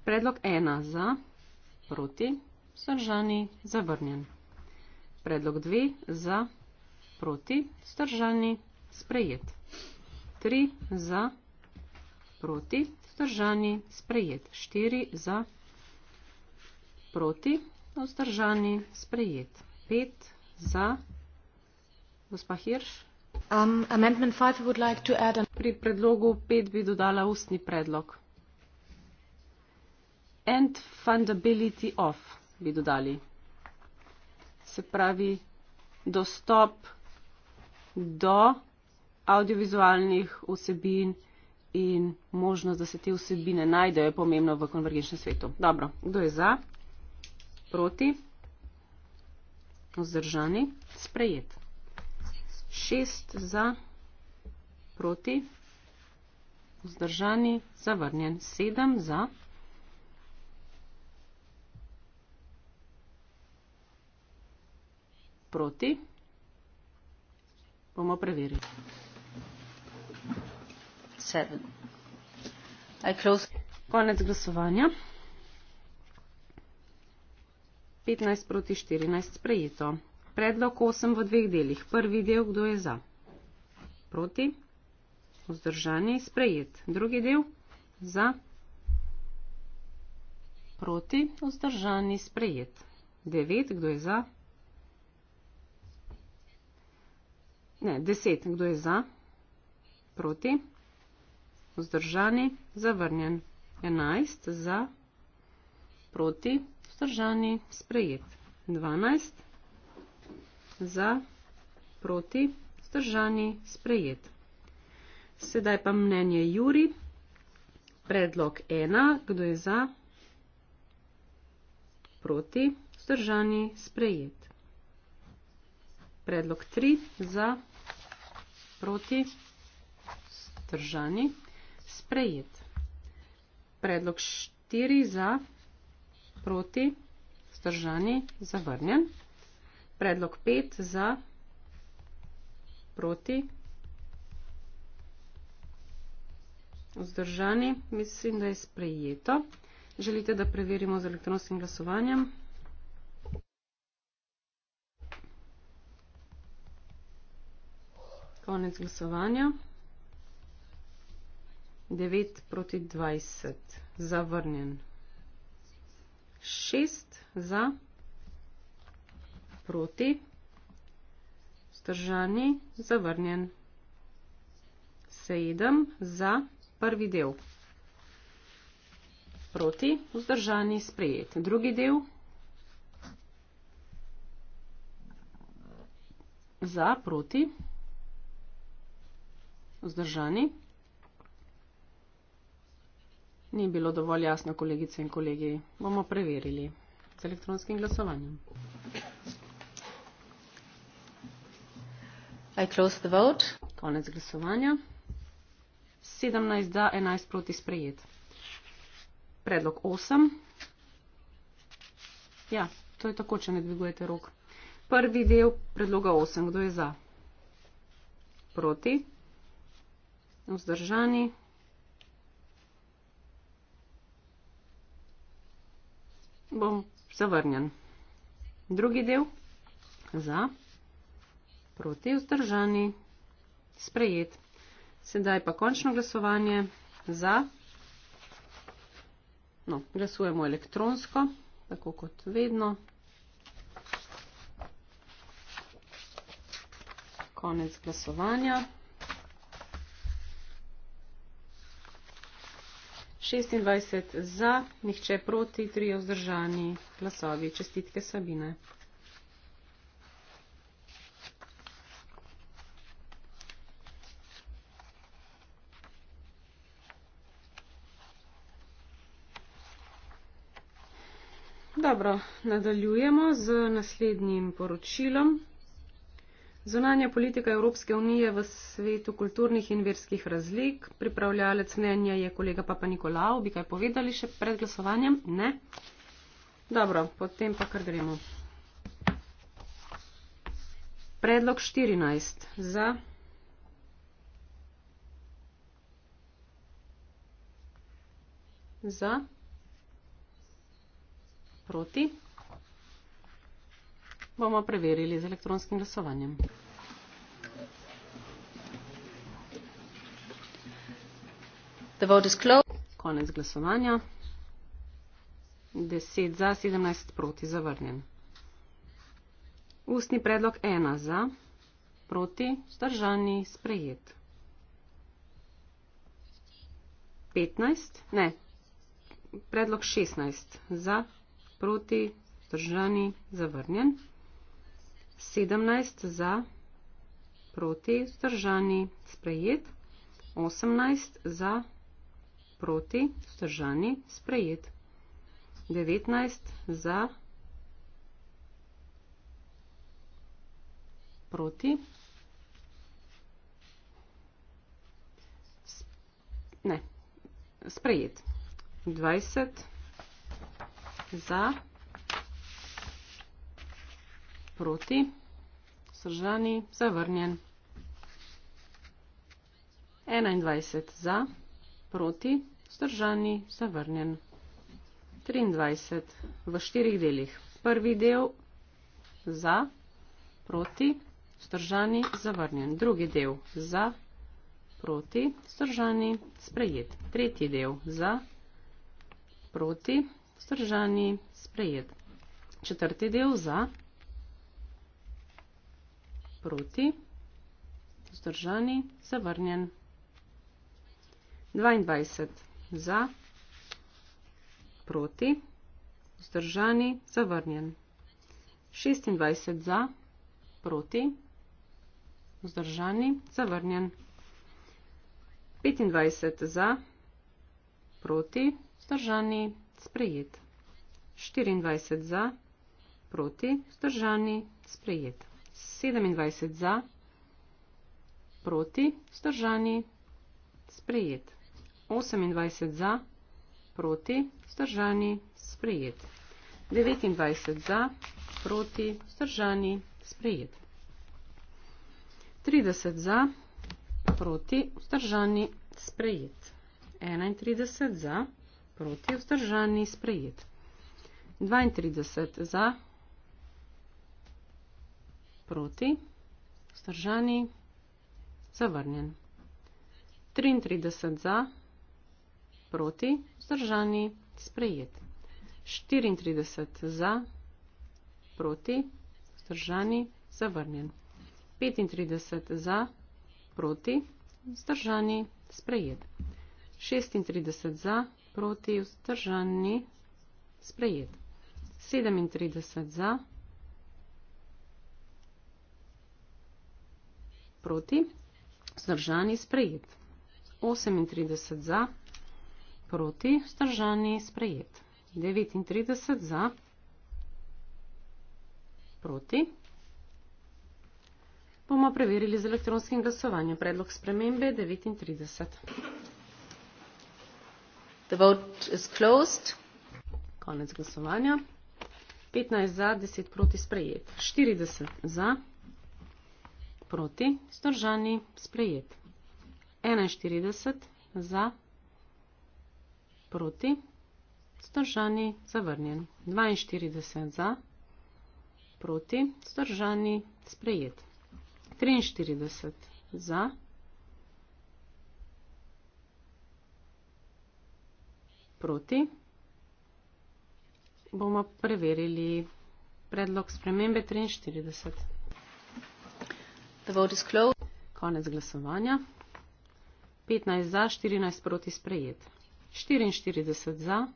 Predlog 1 za, proti, zdržani, zavrnjen. Predlog 2 za, proti, zdržani, sprejet. 3 za, proti, zdržani, sprejet. 4 za, proti, zdržani, sprejet. 5 za, gospa Hirš, Um, pri predlogu pet bi dodala ustni predlog and fundability of bi dodali se pravi dostop do audiovizualnih vsebin in možnost, da se te vsebine najdejo, je pomembno v konvergenčnem svetu. Dobro, kdo je za? Proti? Vzdržani? Sprejet. 6 za, proti, vzdržani, zavrnjen, 7 za. Proti. Bomo preverili. Konec glasovanja. 15 proti 14 sprejeto. Predlog 8 v dveh delih. Prvi del, kdo je za? Proti? Vzdržani? Sprejet. Drugi del? Za? Proti? Vzdržani? Sprejet. 9, kdo je za? Ne, 10, kdo je za? Proti? Vzdržani? Zavrnjen. 11, za? Proti? Vzdržani? Sprejet. 12 za, proti, zdržani, sprejet. Sedaj pa mnenje Juri, predlog 1, kdo je za, proti, zdržani, sprejet. Predlog 3, za, proti, zdržani, sprejet. Predlog 4, za, proti, zdržani, zavrnjen predlog 5 za, proti, vzdržani, mislim, da je sprejeto. Želite, da preverimo z elektronskim glasovanjem? Konec glasovanja. 9 proti 20. Zavrnjen. 6 za proti, vzdržani, zavrnjen. Sejdem za prvi del. Proti, vzdržani, sprejet. Drugi del. Za, proti, vzdržani. Ni bilo dovolj jasno, kolegice in kolegi. Bomo preverili z elektronskim glasovanjem. konec glasovanja sedemnajst za enajst proti sprejet predlog osem ja to je tako če ne dvigujete rok prvi del predloga osem kdo je za proti vzdržani bom zavrnjen drugi del za proti vzdržani. Sprejet. Sedaj pa končno glasovanje za. No, glasujemo elektronsko, tako kot vedno. Konec glasovanja. 26 za, nihče proti, 3 vzdržani glasovi. Čestitke Sabine. Dobro, nadaljujemo z naslednjim poročilom. Zunanja politika Evropske unije v svetu kulturnih in verskih razlik. Pripravljalec mnenja je kolega Papa Nikolao. Bi kaj povedali še pred glasovanjem? Ne. Dobro, potem pa kar gremo. Predlog 14 za. za proti. Bomo preverili z elektronskim glasovanjem. The vote is closed. Konec glasovanja. 10 za, 17 proti, zavrnjen. Ustni predlog 1 za, proti, zdržani, sprejet. 15, ne, predlog 16 za, proti, vzdržani, zavrnjen. 17 za, proti, vzdržani, sprejet. 18 za, proti, vzdržani, sprejet. 19 za, proti. Ne, sprejet. 20 za, proti, vzdržani, zavrnjen. 21 za, proti, vzdržani, zavrnjen. 23 v štirih delih. Prvi del za, proti, vzdržani, zavrnjen. Drugi del za, proti, vzdržani, sprejet. Tretji del za, proti, vzdržani vzdržani, sprejet. Četrti del za, proti, vzdržani, zavrnjen. 22 za, proti, vzdržani, zavrnjen. 26 za, proti, vzdržani, zavrnjen. 25 za, proti, vzdržani, zavrnjen sprejet. 24 za, proti, vzdržani, sprejet. 27 za, proti, vzdržani, sprejet. 28 za, proti, vzdržani, sprejet. 29 za, proti, vzdržani, sprejet. 30 za, proti, vzdržani, sprejet. 31 za, proti, vzdržani, sprejet proti vzdržani sprejet. 32 za, proti, vzdržani, zavrnjen. 33 za, proti, vzdržani, sprejet. 34 za, proti, vzdržani, zavrnjen. 35 za, proti, vzdržani, sprejet. 36 za, proti, vzdržani, sprejet. 36 za, proti, vzdržani, sprejet. 37 za, proti, vzdržani, sprejet. 38 za, proti, vzdržani, sprejet. 39 za, proti. Bomo preverili z elektronskim glasovanjem predlog spremembe 39. The vote is closed. Konec glasovanja. 15 za, 10 proti sprejet. 40 za, proti, zdržani, sprejet. 41 za, proti, zdržani, zavrnjen. 42 za, proti, zdržani, sprejet. 43 za, proti. proti. Bomo preverili predlog spremembe 43. The vote is closed. Konec glasovanja. 15 za, 14 proti sprejet. 44 za,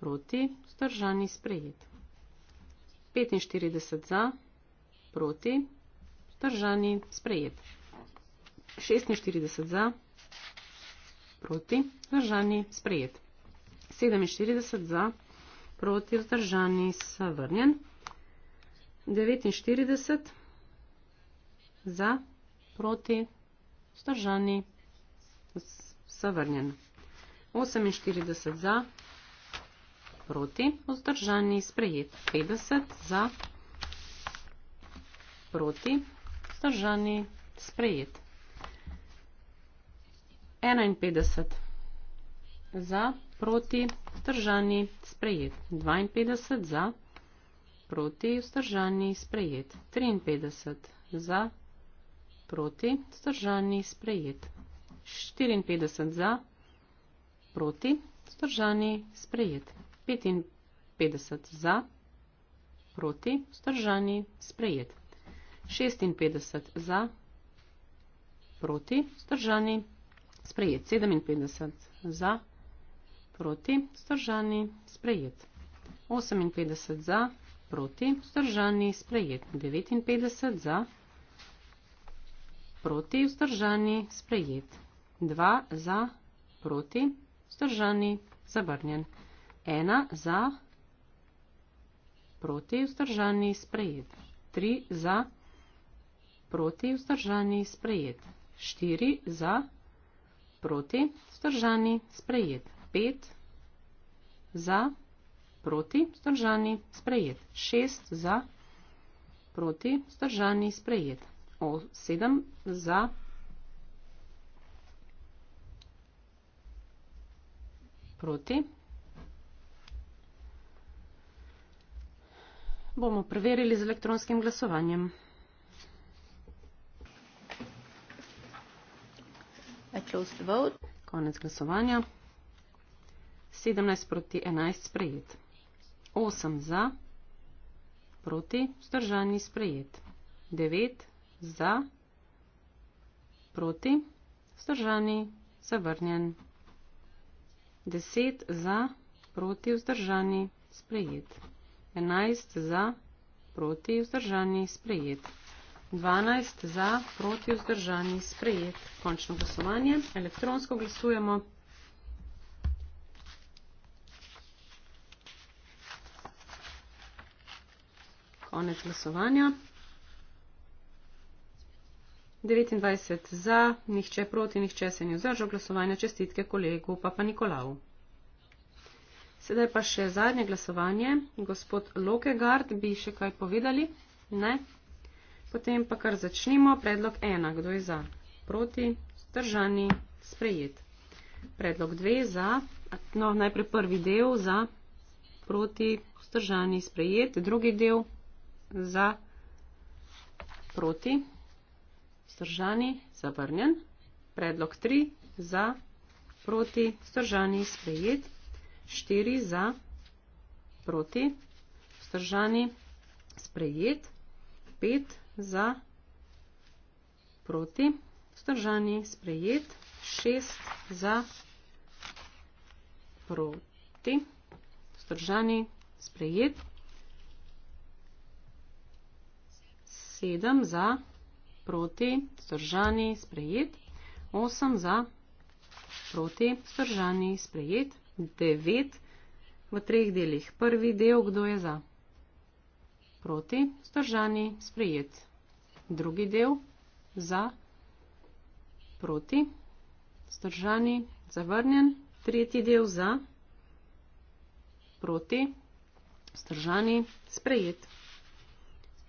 proti, vzdržani sprejet. 45 za, proti, vzdržani sprejet. 46 za, proti, vzdržani sprejet. 47 za, proti vzdržani se vrnjen. 49 za, proti vzdržani se vrnjen. 48 za, proti vzdržani sprejet. 50 za, proti vzdržani sprejet. 51 za, proti vzdržani sprejet proti, vzdržani, sprejet. 52 za, proti, vzdržani, sprejet. 53 za, proti, vzdržani, sprejet. 54 za, proti, vzdržani, sprejet. 55 za, proti, vzdržani, sprejet. 56 za, proti, vzdržani, sprejet. 57 za, proti, vzdržani, sprejet proti, vzdržani, sprejet. 58 za, proti, vzdržani, sprejet. 59 za, proti, vzdržani, sprejet. 2 za, proti, vzdržani, zabrnjen. 1 za, proti, vzdržani, sprejet. 3 za, proti, vzdržani, sprejet. 4 za, proti, vzdržani, sprejet. 5, za, proti, zdržani, sprejet. 6, za, proti, zdržani, sprejet. 7, za, proti. Bomo preverili z elektronskim glasovanjem. I close the vote. Konec glasovanja. 17 proti 11 sprejet. 8 za, proti, vzdržani sprejet. 9 za, proti, vzdržani, zavrnjen. 10 za, proti, vzdržani, sprejet. 11 za, proti, vzdržani, sprejet. 12 za, proti, vzdržani, sprejet. Končno glasovanje. Elektronsko glasujemo. konec glasovanja. 29 za, nihče proti, nihče se ni vzdržal glasovanja. Čestitke kolegu Papa Nikolau. Sedaj pa še zadnje glasovanje. Gospod Lokegard, bi še kaj povedali? Ne. Potem pa kar začnimo. Predlog 1. Kdo je za? Proti, zdržani, sprejet. Predlog 2 za, no najprej prvi del za, proti, zdržani, sprejet. Drugi del za, proti, vzdržani, zavrnjen. Predlog 3 za, proti, vzdržani, sprejet. 4 za, proti, vzdržani, sprejet. 5 za, proti, vzdržani, sprejet. 6 za, proti, vzdržani, sprejet. 7 za, proti, zdržani, sprejet, 8 za, proti, zdržani, sprejet, 9 v treh delih. Prvi del, kdo je za? Proti, zdržani, sprejet. Drugi del, za, proti, zdržani, zavrnjen. Tretji del, za, proti, zdržani, sprejet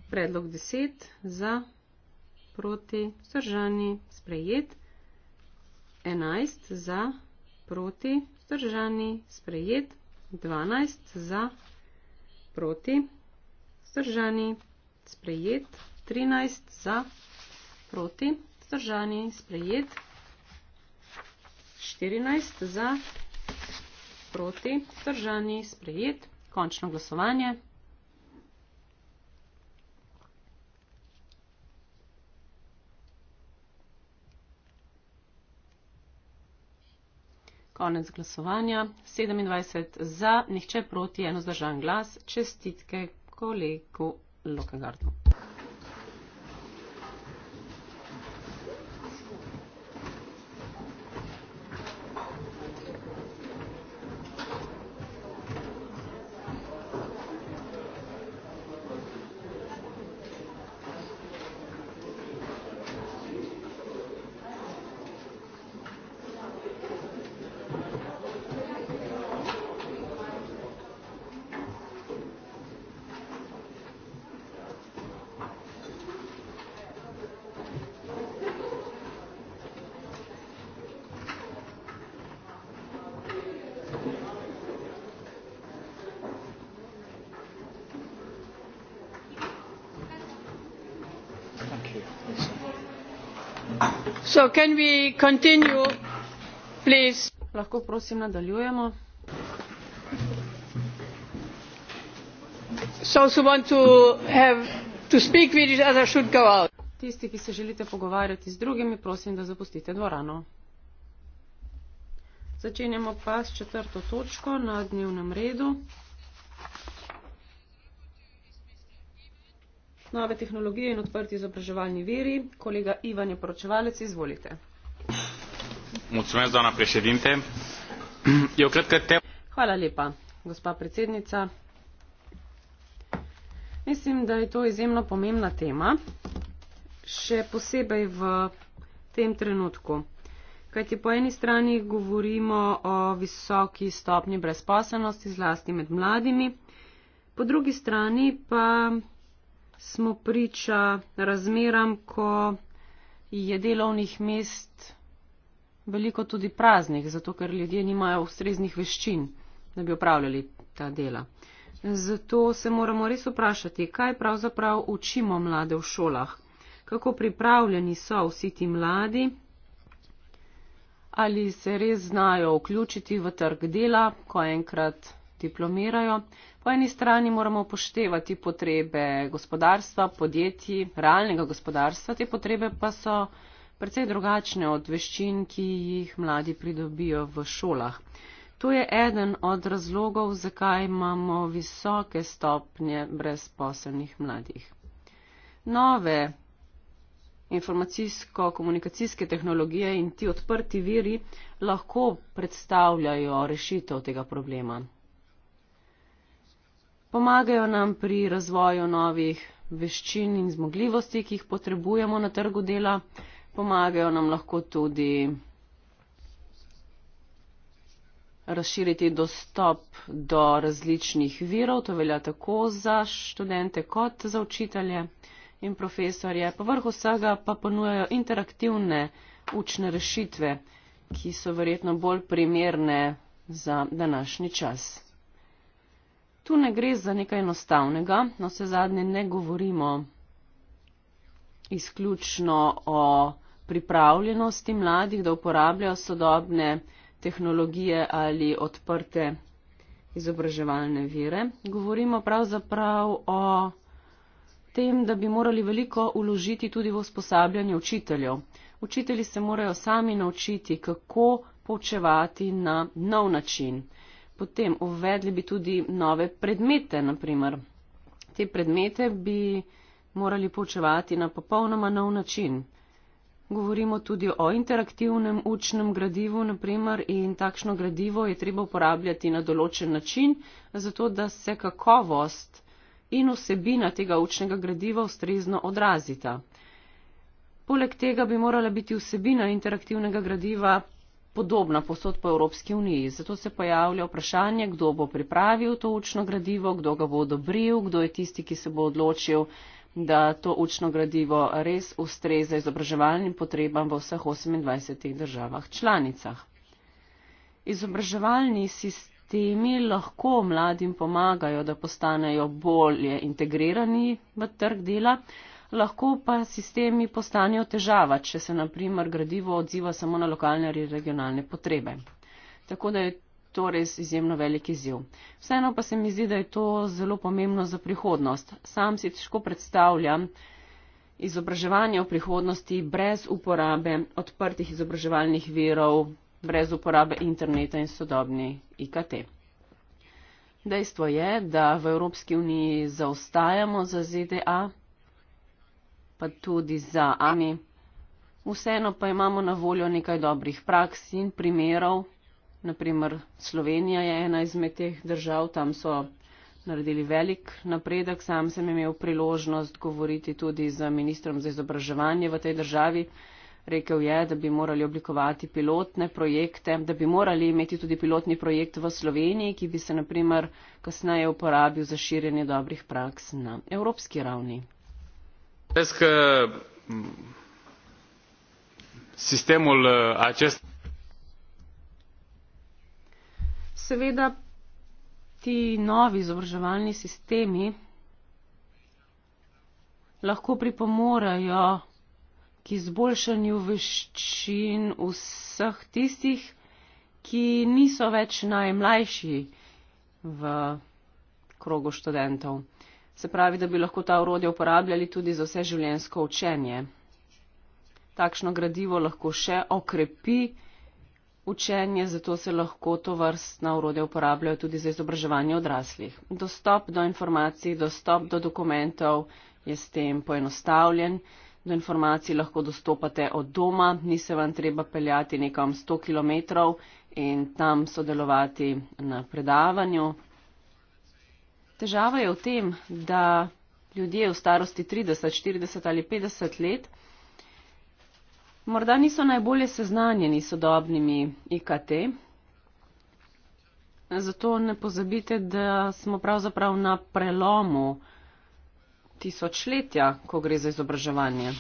predlog 10 za proti vzdržani sprejet, 11 za proti vzdržani sprejet, 12 za proti vzdržani sprejet, 13 za proti vzdržani sprejet, 14 za proti vzdržani sprejet, končno glasovanje. Konec glasovanja. 27 za, nihče proti, eno zdržan glas. Čestitke kolegu Lokagardu. lahko prosim nadaljujemo tisti ki se želite pogovarjati z drugimi prosim da zapustite dvorano začenjamo pa s četrto točko na dnevnem redu nove tehnologije in odprti izobraževalni veri. Kolega Ivan je poročevalec, izvolite. Hvala lepa, gospa predsednica. Mislim, da je to izjemno pomembna tema, še posebej v tem trenutku. Kajti po eni strani govorimo o visoki stopni brezposelnosti, zlasti med mladimi, po drugi strani pa smo priča razmeram, ko je delovnih mest veliko tudi praznih, zato ker ljudje nimajo ustreznih veščin, da bi upravljali ta dela. Zato se moramo res vprašati, kaj pravzaprav učimo mlade v šolah, kako pripravljeni so vsi ti mladi, ali se res znajo vključiti v trg dela, ko enkrat diplomirajo. Po eni strani moramo upoštevati potrebe gospodarstva, podjetij, realnega gospodarstva, te potrebe pa so predvsej drugačne od veščin, ki jih mladi pridobijo v šolah. To je eden od razlogov, zakaj imamo visoke stopnje brezposobnih mladih. Nove informacijsko-komunikacijske tehnologije in ti odprti viri lahko predstavljajo rešitev tega problema pomagajo nam pri razvoju novih veščin in zmogljivosti, ki jih potrebujemo na trgu dela, pomagajo nam lahko tudi razširiti dostop do različnih virov, to velja tako za študente kot za učitelje in profesorje. Povrh vsega pa ponujajo interaktivne učne rešitve, ki so verjetno bolj primerne za današnji čas tu ne gre za nekaj enostavnega, na vse zadnje ne govorimo izključno o pripravljenosti mladih, da uporabljajo sodobne tehnologije ali odprte izobraževalne vire. Govorimo pravzaprav o tem, da bi morali veliko uložiti tudi v usposabljanje učiteljev. Učitelji se morajo sami naučiti, kako poučevati na nov način potem uvedli bi tudi nove predmete, naprimer. Te predmete bi morali poučevati na popolnoma nov način. Govorimo tudi o interaktivnem učnem gradivu, naprimer, in takšno gradivo je treba uporabljati na določen način, zato da se kakovost in vsebina tega učnega gradiva ustrezno odrazita. Poleg tega bi morala biti vsebina interaktivnega gradiva podobna posod po Evropski uniji. Zato se pojavlja vprašanje, kdo bo pripravil to učno gradivo, kdo ga bo odobril, kdo je tisti, ki se bo odločil, da to učno gradivo res ustreza izobraževalnim potrebam v vseh 28 državah članicah. Izobraževalni sistemi lahko mladim pomagajo, da postanejo bolje integrirani v trg dela, lahko pa sistemi postanejo težava, če se na primer gradivo odziva samo na lokalne ali regionalne potrebe. Tako da je to res izjemno veliki ziv. Vseeno pa se mi zdi, da je to zelo pomembno za prihodnost. Sam si težko predstavljam izobraževanje v prihodnosti brez uporabe odprtih izobraževalnih verov, brez uporabe interneta in sodobni IKT. Dejstvo je, da v Evropski uniji zaostajamo za ZDA, pa tudi za Ani. Vseeno pa imamo na voljo nekaj dobrih praks in primerov. Naprimer, Slovenija je ena izmed teh držav, tam so naredili velik napredek. Sam sem imel priložnost govoriti tudi z ministrom za izobraževanje v tej državi. Rekel je, da bi morali oblikovati pilotne projekte, da bi morali imeti tudi pilotni projekt v Sloveniji, ki bi se naprimer kasneje uporabil za širjenje dobrih praks na evropski ravni mulțumesc că sistemul uh, acesta Seveda ti novi izobraževalni sistemi lahko pripomorajo k izboljšanju veščin vseh tistih, ki niso več najmlajši v krogu študentov se pravi, da bi lahko ta urodje uporabljali tudi za vse življensko učenje. Takšno gradivo lahko še okrepi učenje, zato se lahko to vrstna urodja uporabljajo tudi za izobraževanje odraslih. Dostop do informacij, dostop do dokumentov je s tem poenostavljen. Do informacij lahko dostopate od doma, ni se vam treba peljati nekam 100 km in tam sodelovati na predavanju, Težava je v tem, da ljudje v starosti 30, 40 ali 50 let morda niso najbolje seznanjeni sodobnimi IKT. Zato ne pozabite, da smo pravzaprav na prelomu tisočletja, ko gre za izobraževanje.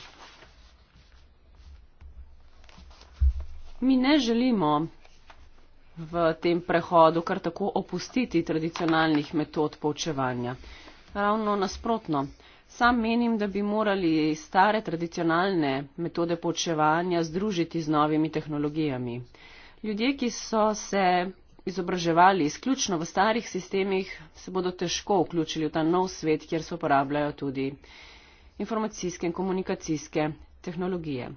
Mi ne želimo v tem prehodu kar tako opustiti tradicionalnih metod poučevanja. Ravno nasprotno. Sam menim, da bi morali stare tradicionalne metode poučevanja združiti z novimi tehnologijami. Ljudje, ki so se izobraževali izključno v starih sistemih, se bodo težko vključili v ta nov svet, kjer se uporabljajo tudi informacijske in komunikacijske tehnologije.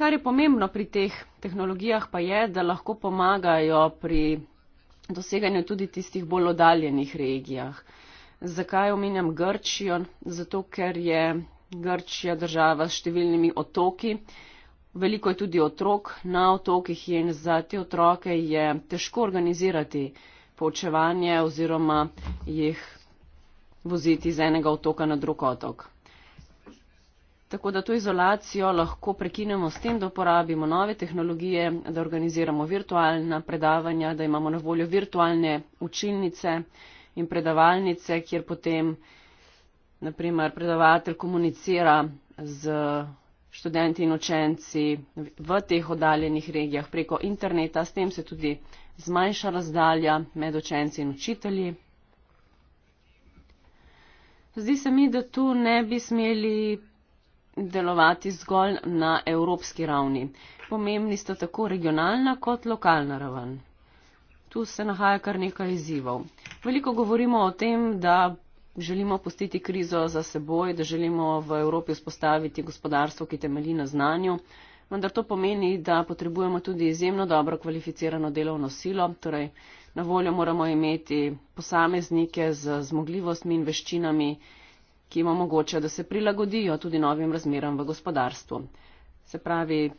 Kar je pomembno pri teh tehnologijah pa je, da lahko pomagajo pri doseganju tudi tistih bolj odaljenih regijah. Zakaj omenjam Grčijo? Zato, ker je Grčija država s številnimi otoki. Veliko je tudi otrok na otokih in za te otroke je težko organizirati poučevanje oziroma jih voziti z enega otoka na drug otok. Tako da to izolacijo lahko prekinemo s tem, da uporabimo nove tehnologije, da organiziramo virtualna predavanja, da imamo na voljo virtualne učilnice in predavalnice, kjer potem naprimer predavatelj komunicira z študenti in učenci v teh oddaljenih regijah preko interneta. S tem se tudi zmanjša razdalja med učenci in učitelji. Zdi se mi, da tu ne bi smeli delovati zgolj na evropski ravni. Pomembni sta tako regionalna kot lokalna raven. Tu se nahaja kar nekaj izzivov. Veliko govorimo o tem, da želimo pustiti krizo za seboj, da želimo v Evropi vzpostaviti gospodarstvo, ki temelji na znanju, vendar to pomeni, da potrebujemo tudi izjemno dobro kvalificirano delovno silo, torej na voljo moramo imeti posameznike z zmogljivostmi in veščinami, ki jim omogoča, da se prilagodijo tudi novim razmeram v gospodarstvu. Se pravi,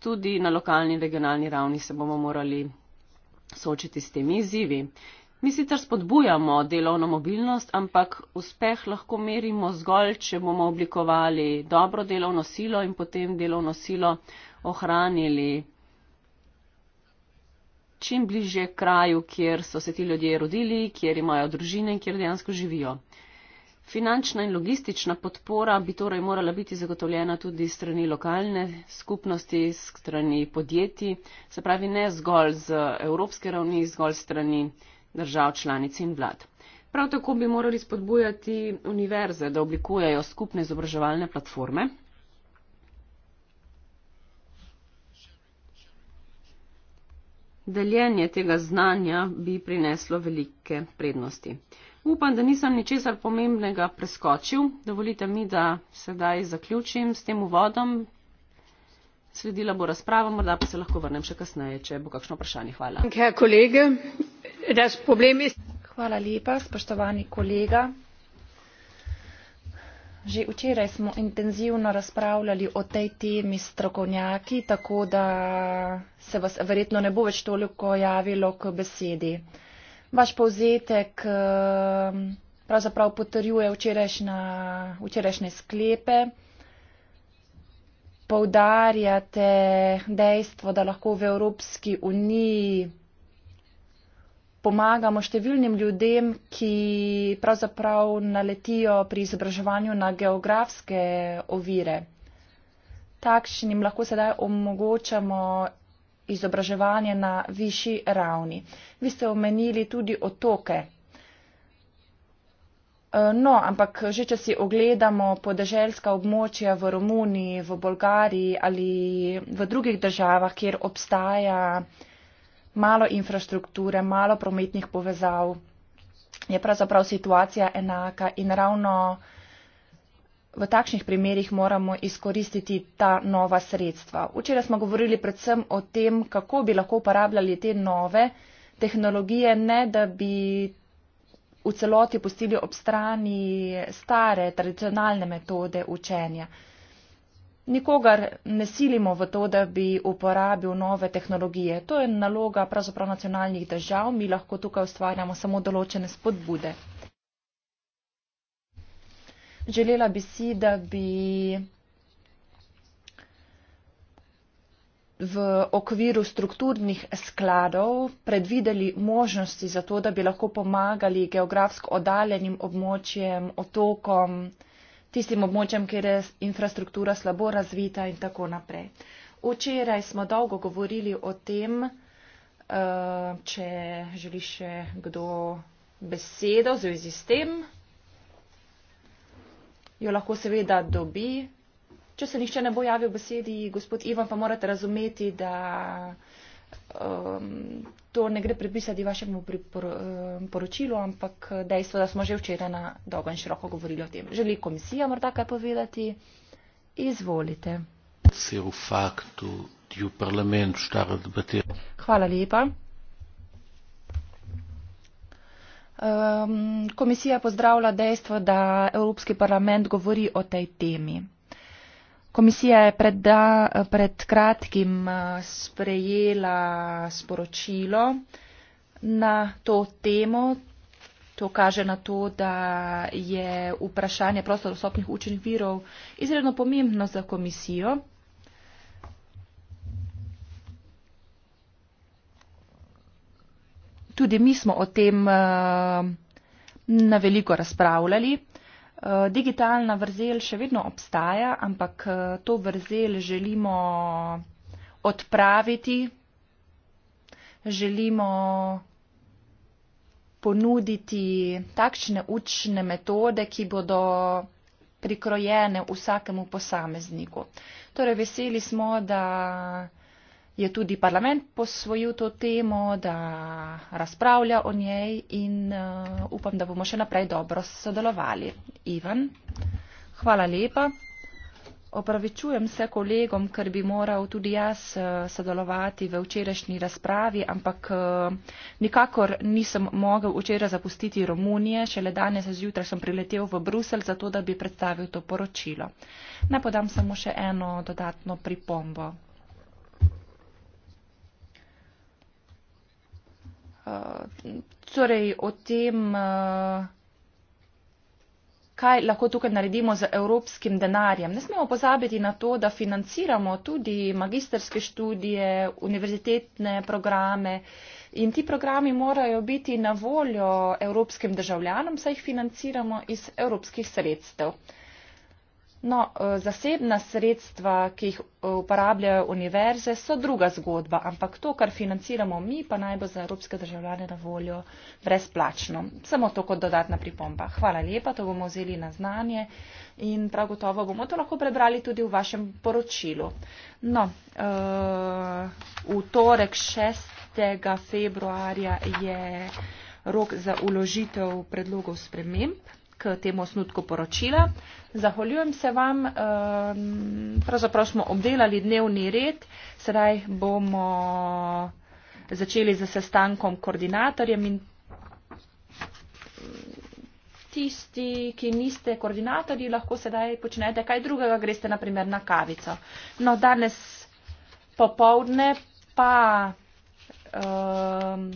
tudi na lokalni in regionalni ravni se bomo morali soočiti s temi izzivi. Mi sicer spodbujamo delovno mobilnost, ampak uspeh lahko merimo zgolj, če bomo oblikovali dobro delovno silo in potem delovno silo ohranili čim bliže kraju, kjer so se ti ljudje rodili, kjer imajo družine in kjer dejansko živijo. Finančna in logistična podpora bi torej morala biti zagotovljena tudi strani lokalne skupnosti, strani podjetij, se pravi ne zgolj z evropske ravni, zgolj strani držav članic in vlad. Prav tako bi morali spodbujati univerze, da oblikujejo skupne izobraževalne platforme. Deljenje tega znanja bi prineslo velike prednosti. Upam, da nisem ničesar pomembnega preskočil. Dovolite mi, da sedaj zaključim s tem uvodom. Sledila bo razprava, morda pa se lahko vrnem še kasneje, če bo kakšno vprašanje. Hvala. Hvala lepa, spoštovani kolega. Že včeraj smo intenzivno razpravljali o tej temi strokovnjaki, tako da se vas verjetno ne bo več toliko javilo k besedi vaš povzetek eh, pravzaprav potrjuje včerajšnja, včerajšnje sklepe. Poudarjate dejstvo, da lahko v Evropski uniji pomagamo številnim ljudem, ki pravzaprav naletijo pri izobraževanju na geografske ovire. Takšnim lahko sedaj omogočamo izobraževanje na višji ravni. Vi ste omenili tudi otoke. E, no, ampak že če si ogledamo podeželska območja v Romuniji, v Bolgariji ali v drugih državah, kjer obstaja malo infrastrukture, malo prometnih povezav, je pravzaprav situacija enaka in ravno v takšnih primerjih moramo izkoristiti ta nova sredstva. Včeraj smo govorili predvsem o tem, kako bi lahko uporabljali te nove tehnologije, ne da bi v celoti pustili ob strani stare, tradicionalne metode učenja. Nikogar ne silimo v to, da bi uporabil nove tehnologije. To je naloga pravzaprav nacionalnih držav. Mi lahko tukaj ustvarjamo samo določene spodbude. Želela bi si, da bi v okviru strukturnih skladov predvideli možnosti za to, da bi lahko pomagali geografsko odaljenim območjem, otokom, tistim območjem, kjer je infrastruktura slabo razvita in tako naprej. Včeraj smo dolgo govorili o tem, eh, če želi še kdo besedo v zvezi s tem jo lahko seveda dobi. Če se nihče ne bo javil v besedi, gospod Ivan, pa morate razumeti, da um, to ne gre pripisati vašemu pripor, um, poročilu, ampak uh, dejstvo, da smo že včeraj na dolgo in široko govorili o tem. Želi komisija morda kaj povedati? Izvolite. Hvala lepa. Um, komisija pozdravlja dejstvo, da Evropski parlament govori o tej temi. Komisija je pred, da, pred kratkim eh, sprejela sporočilo na to temo. To kaže na to, da je vprašanje prostorosopnih učenj virov izredno pomembno za komisijo. tudi mi smo o tem eh, naveliko razpravljali. Eh, digitalna vrzel še vedno obstaja, ampak eh, to vrzel želimo odpraviti, želimo ponuditi takšne učne metode, ki bodo prikrojene vsakemu posamezniku. Torej, veseli smo, da je tudi parlament posvojil to temo, da razpravlja o njej in uh, upam, da bomo še naprej dobro sodelovali. Ivan, hvala lepa. Opravičujem se kolegom, ker bi moral tudi jaz eh, sodelovati v včerajšnji razpravi, ampak eh, nikakor nisem mogel včeraj zapustiti Romunije, šele danes zjutraj sem priletel v Bruselj, zato da bi predstavil to poročilo. Naj podam samo še eno dodatno pripombo. Eh, torej o tem, eh, kaj lahko tukaj naredimo z evropskim denarjem. Ne smemo pozabiti na to, da financiramo tudi magisterske študije, univerzitetne programe in ti programi morajo biti na voljo evropskim državljanom, saj jih financiramo iz evropskih sredstev. No, eh, zasebna sredstva, ki jih eh, uporabljajo univerze, so druga zgodba, ampak to, kar financiramo mi, pa naj bo za evropske državljane na voljo brezplačno. Samo to kot dodatna pripomba. Hvala lepa, to bomo vzeli na znanje in prav gotovo bomo to lahko prebrali tudi v vašem poročilu. No, eh, v torek 6. februarja je rok za uložitev predlogov sprememb k temu osnutku poročila. Zahvaljujem se vam, ehm, pravzaprav smo obdelali dnevni red, sedaj bomo začeli z sestankom koordinatorjem in tisti, ki niste koordinatorji, lahko sedaj počnete kaj drugega, greste naprimer na kavico. No, danes popovdne pa. Um,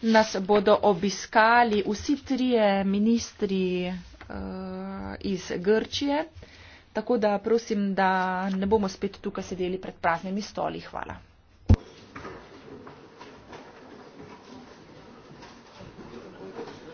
nas bodo obiskali vsi trije ministri eh, iz Grčije. Tako da prosim, da ne bomo spet tukaj sedeli pred praznimi stoli. Hvala.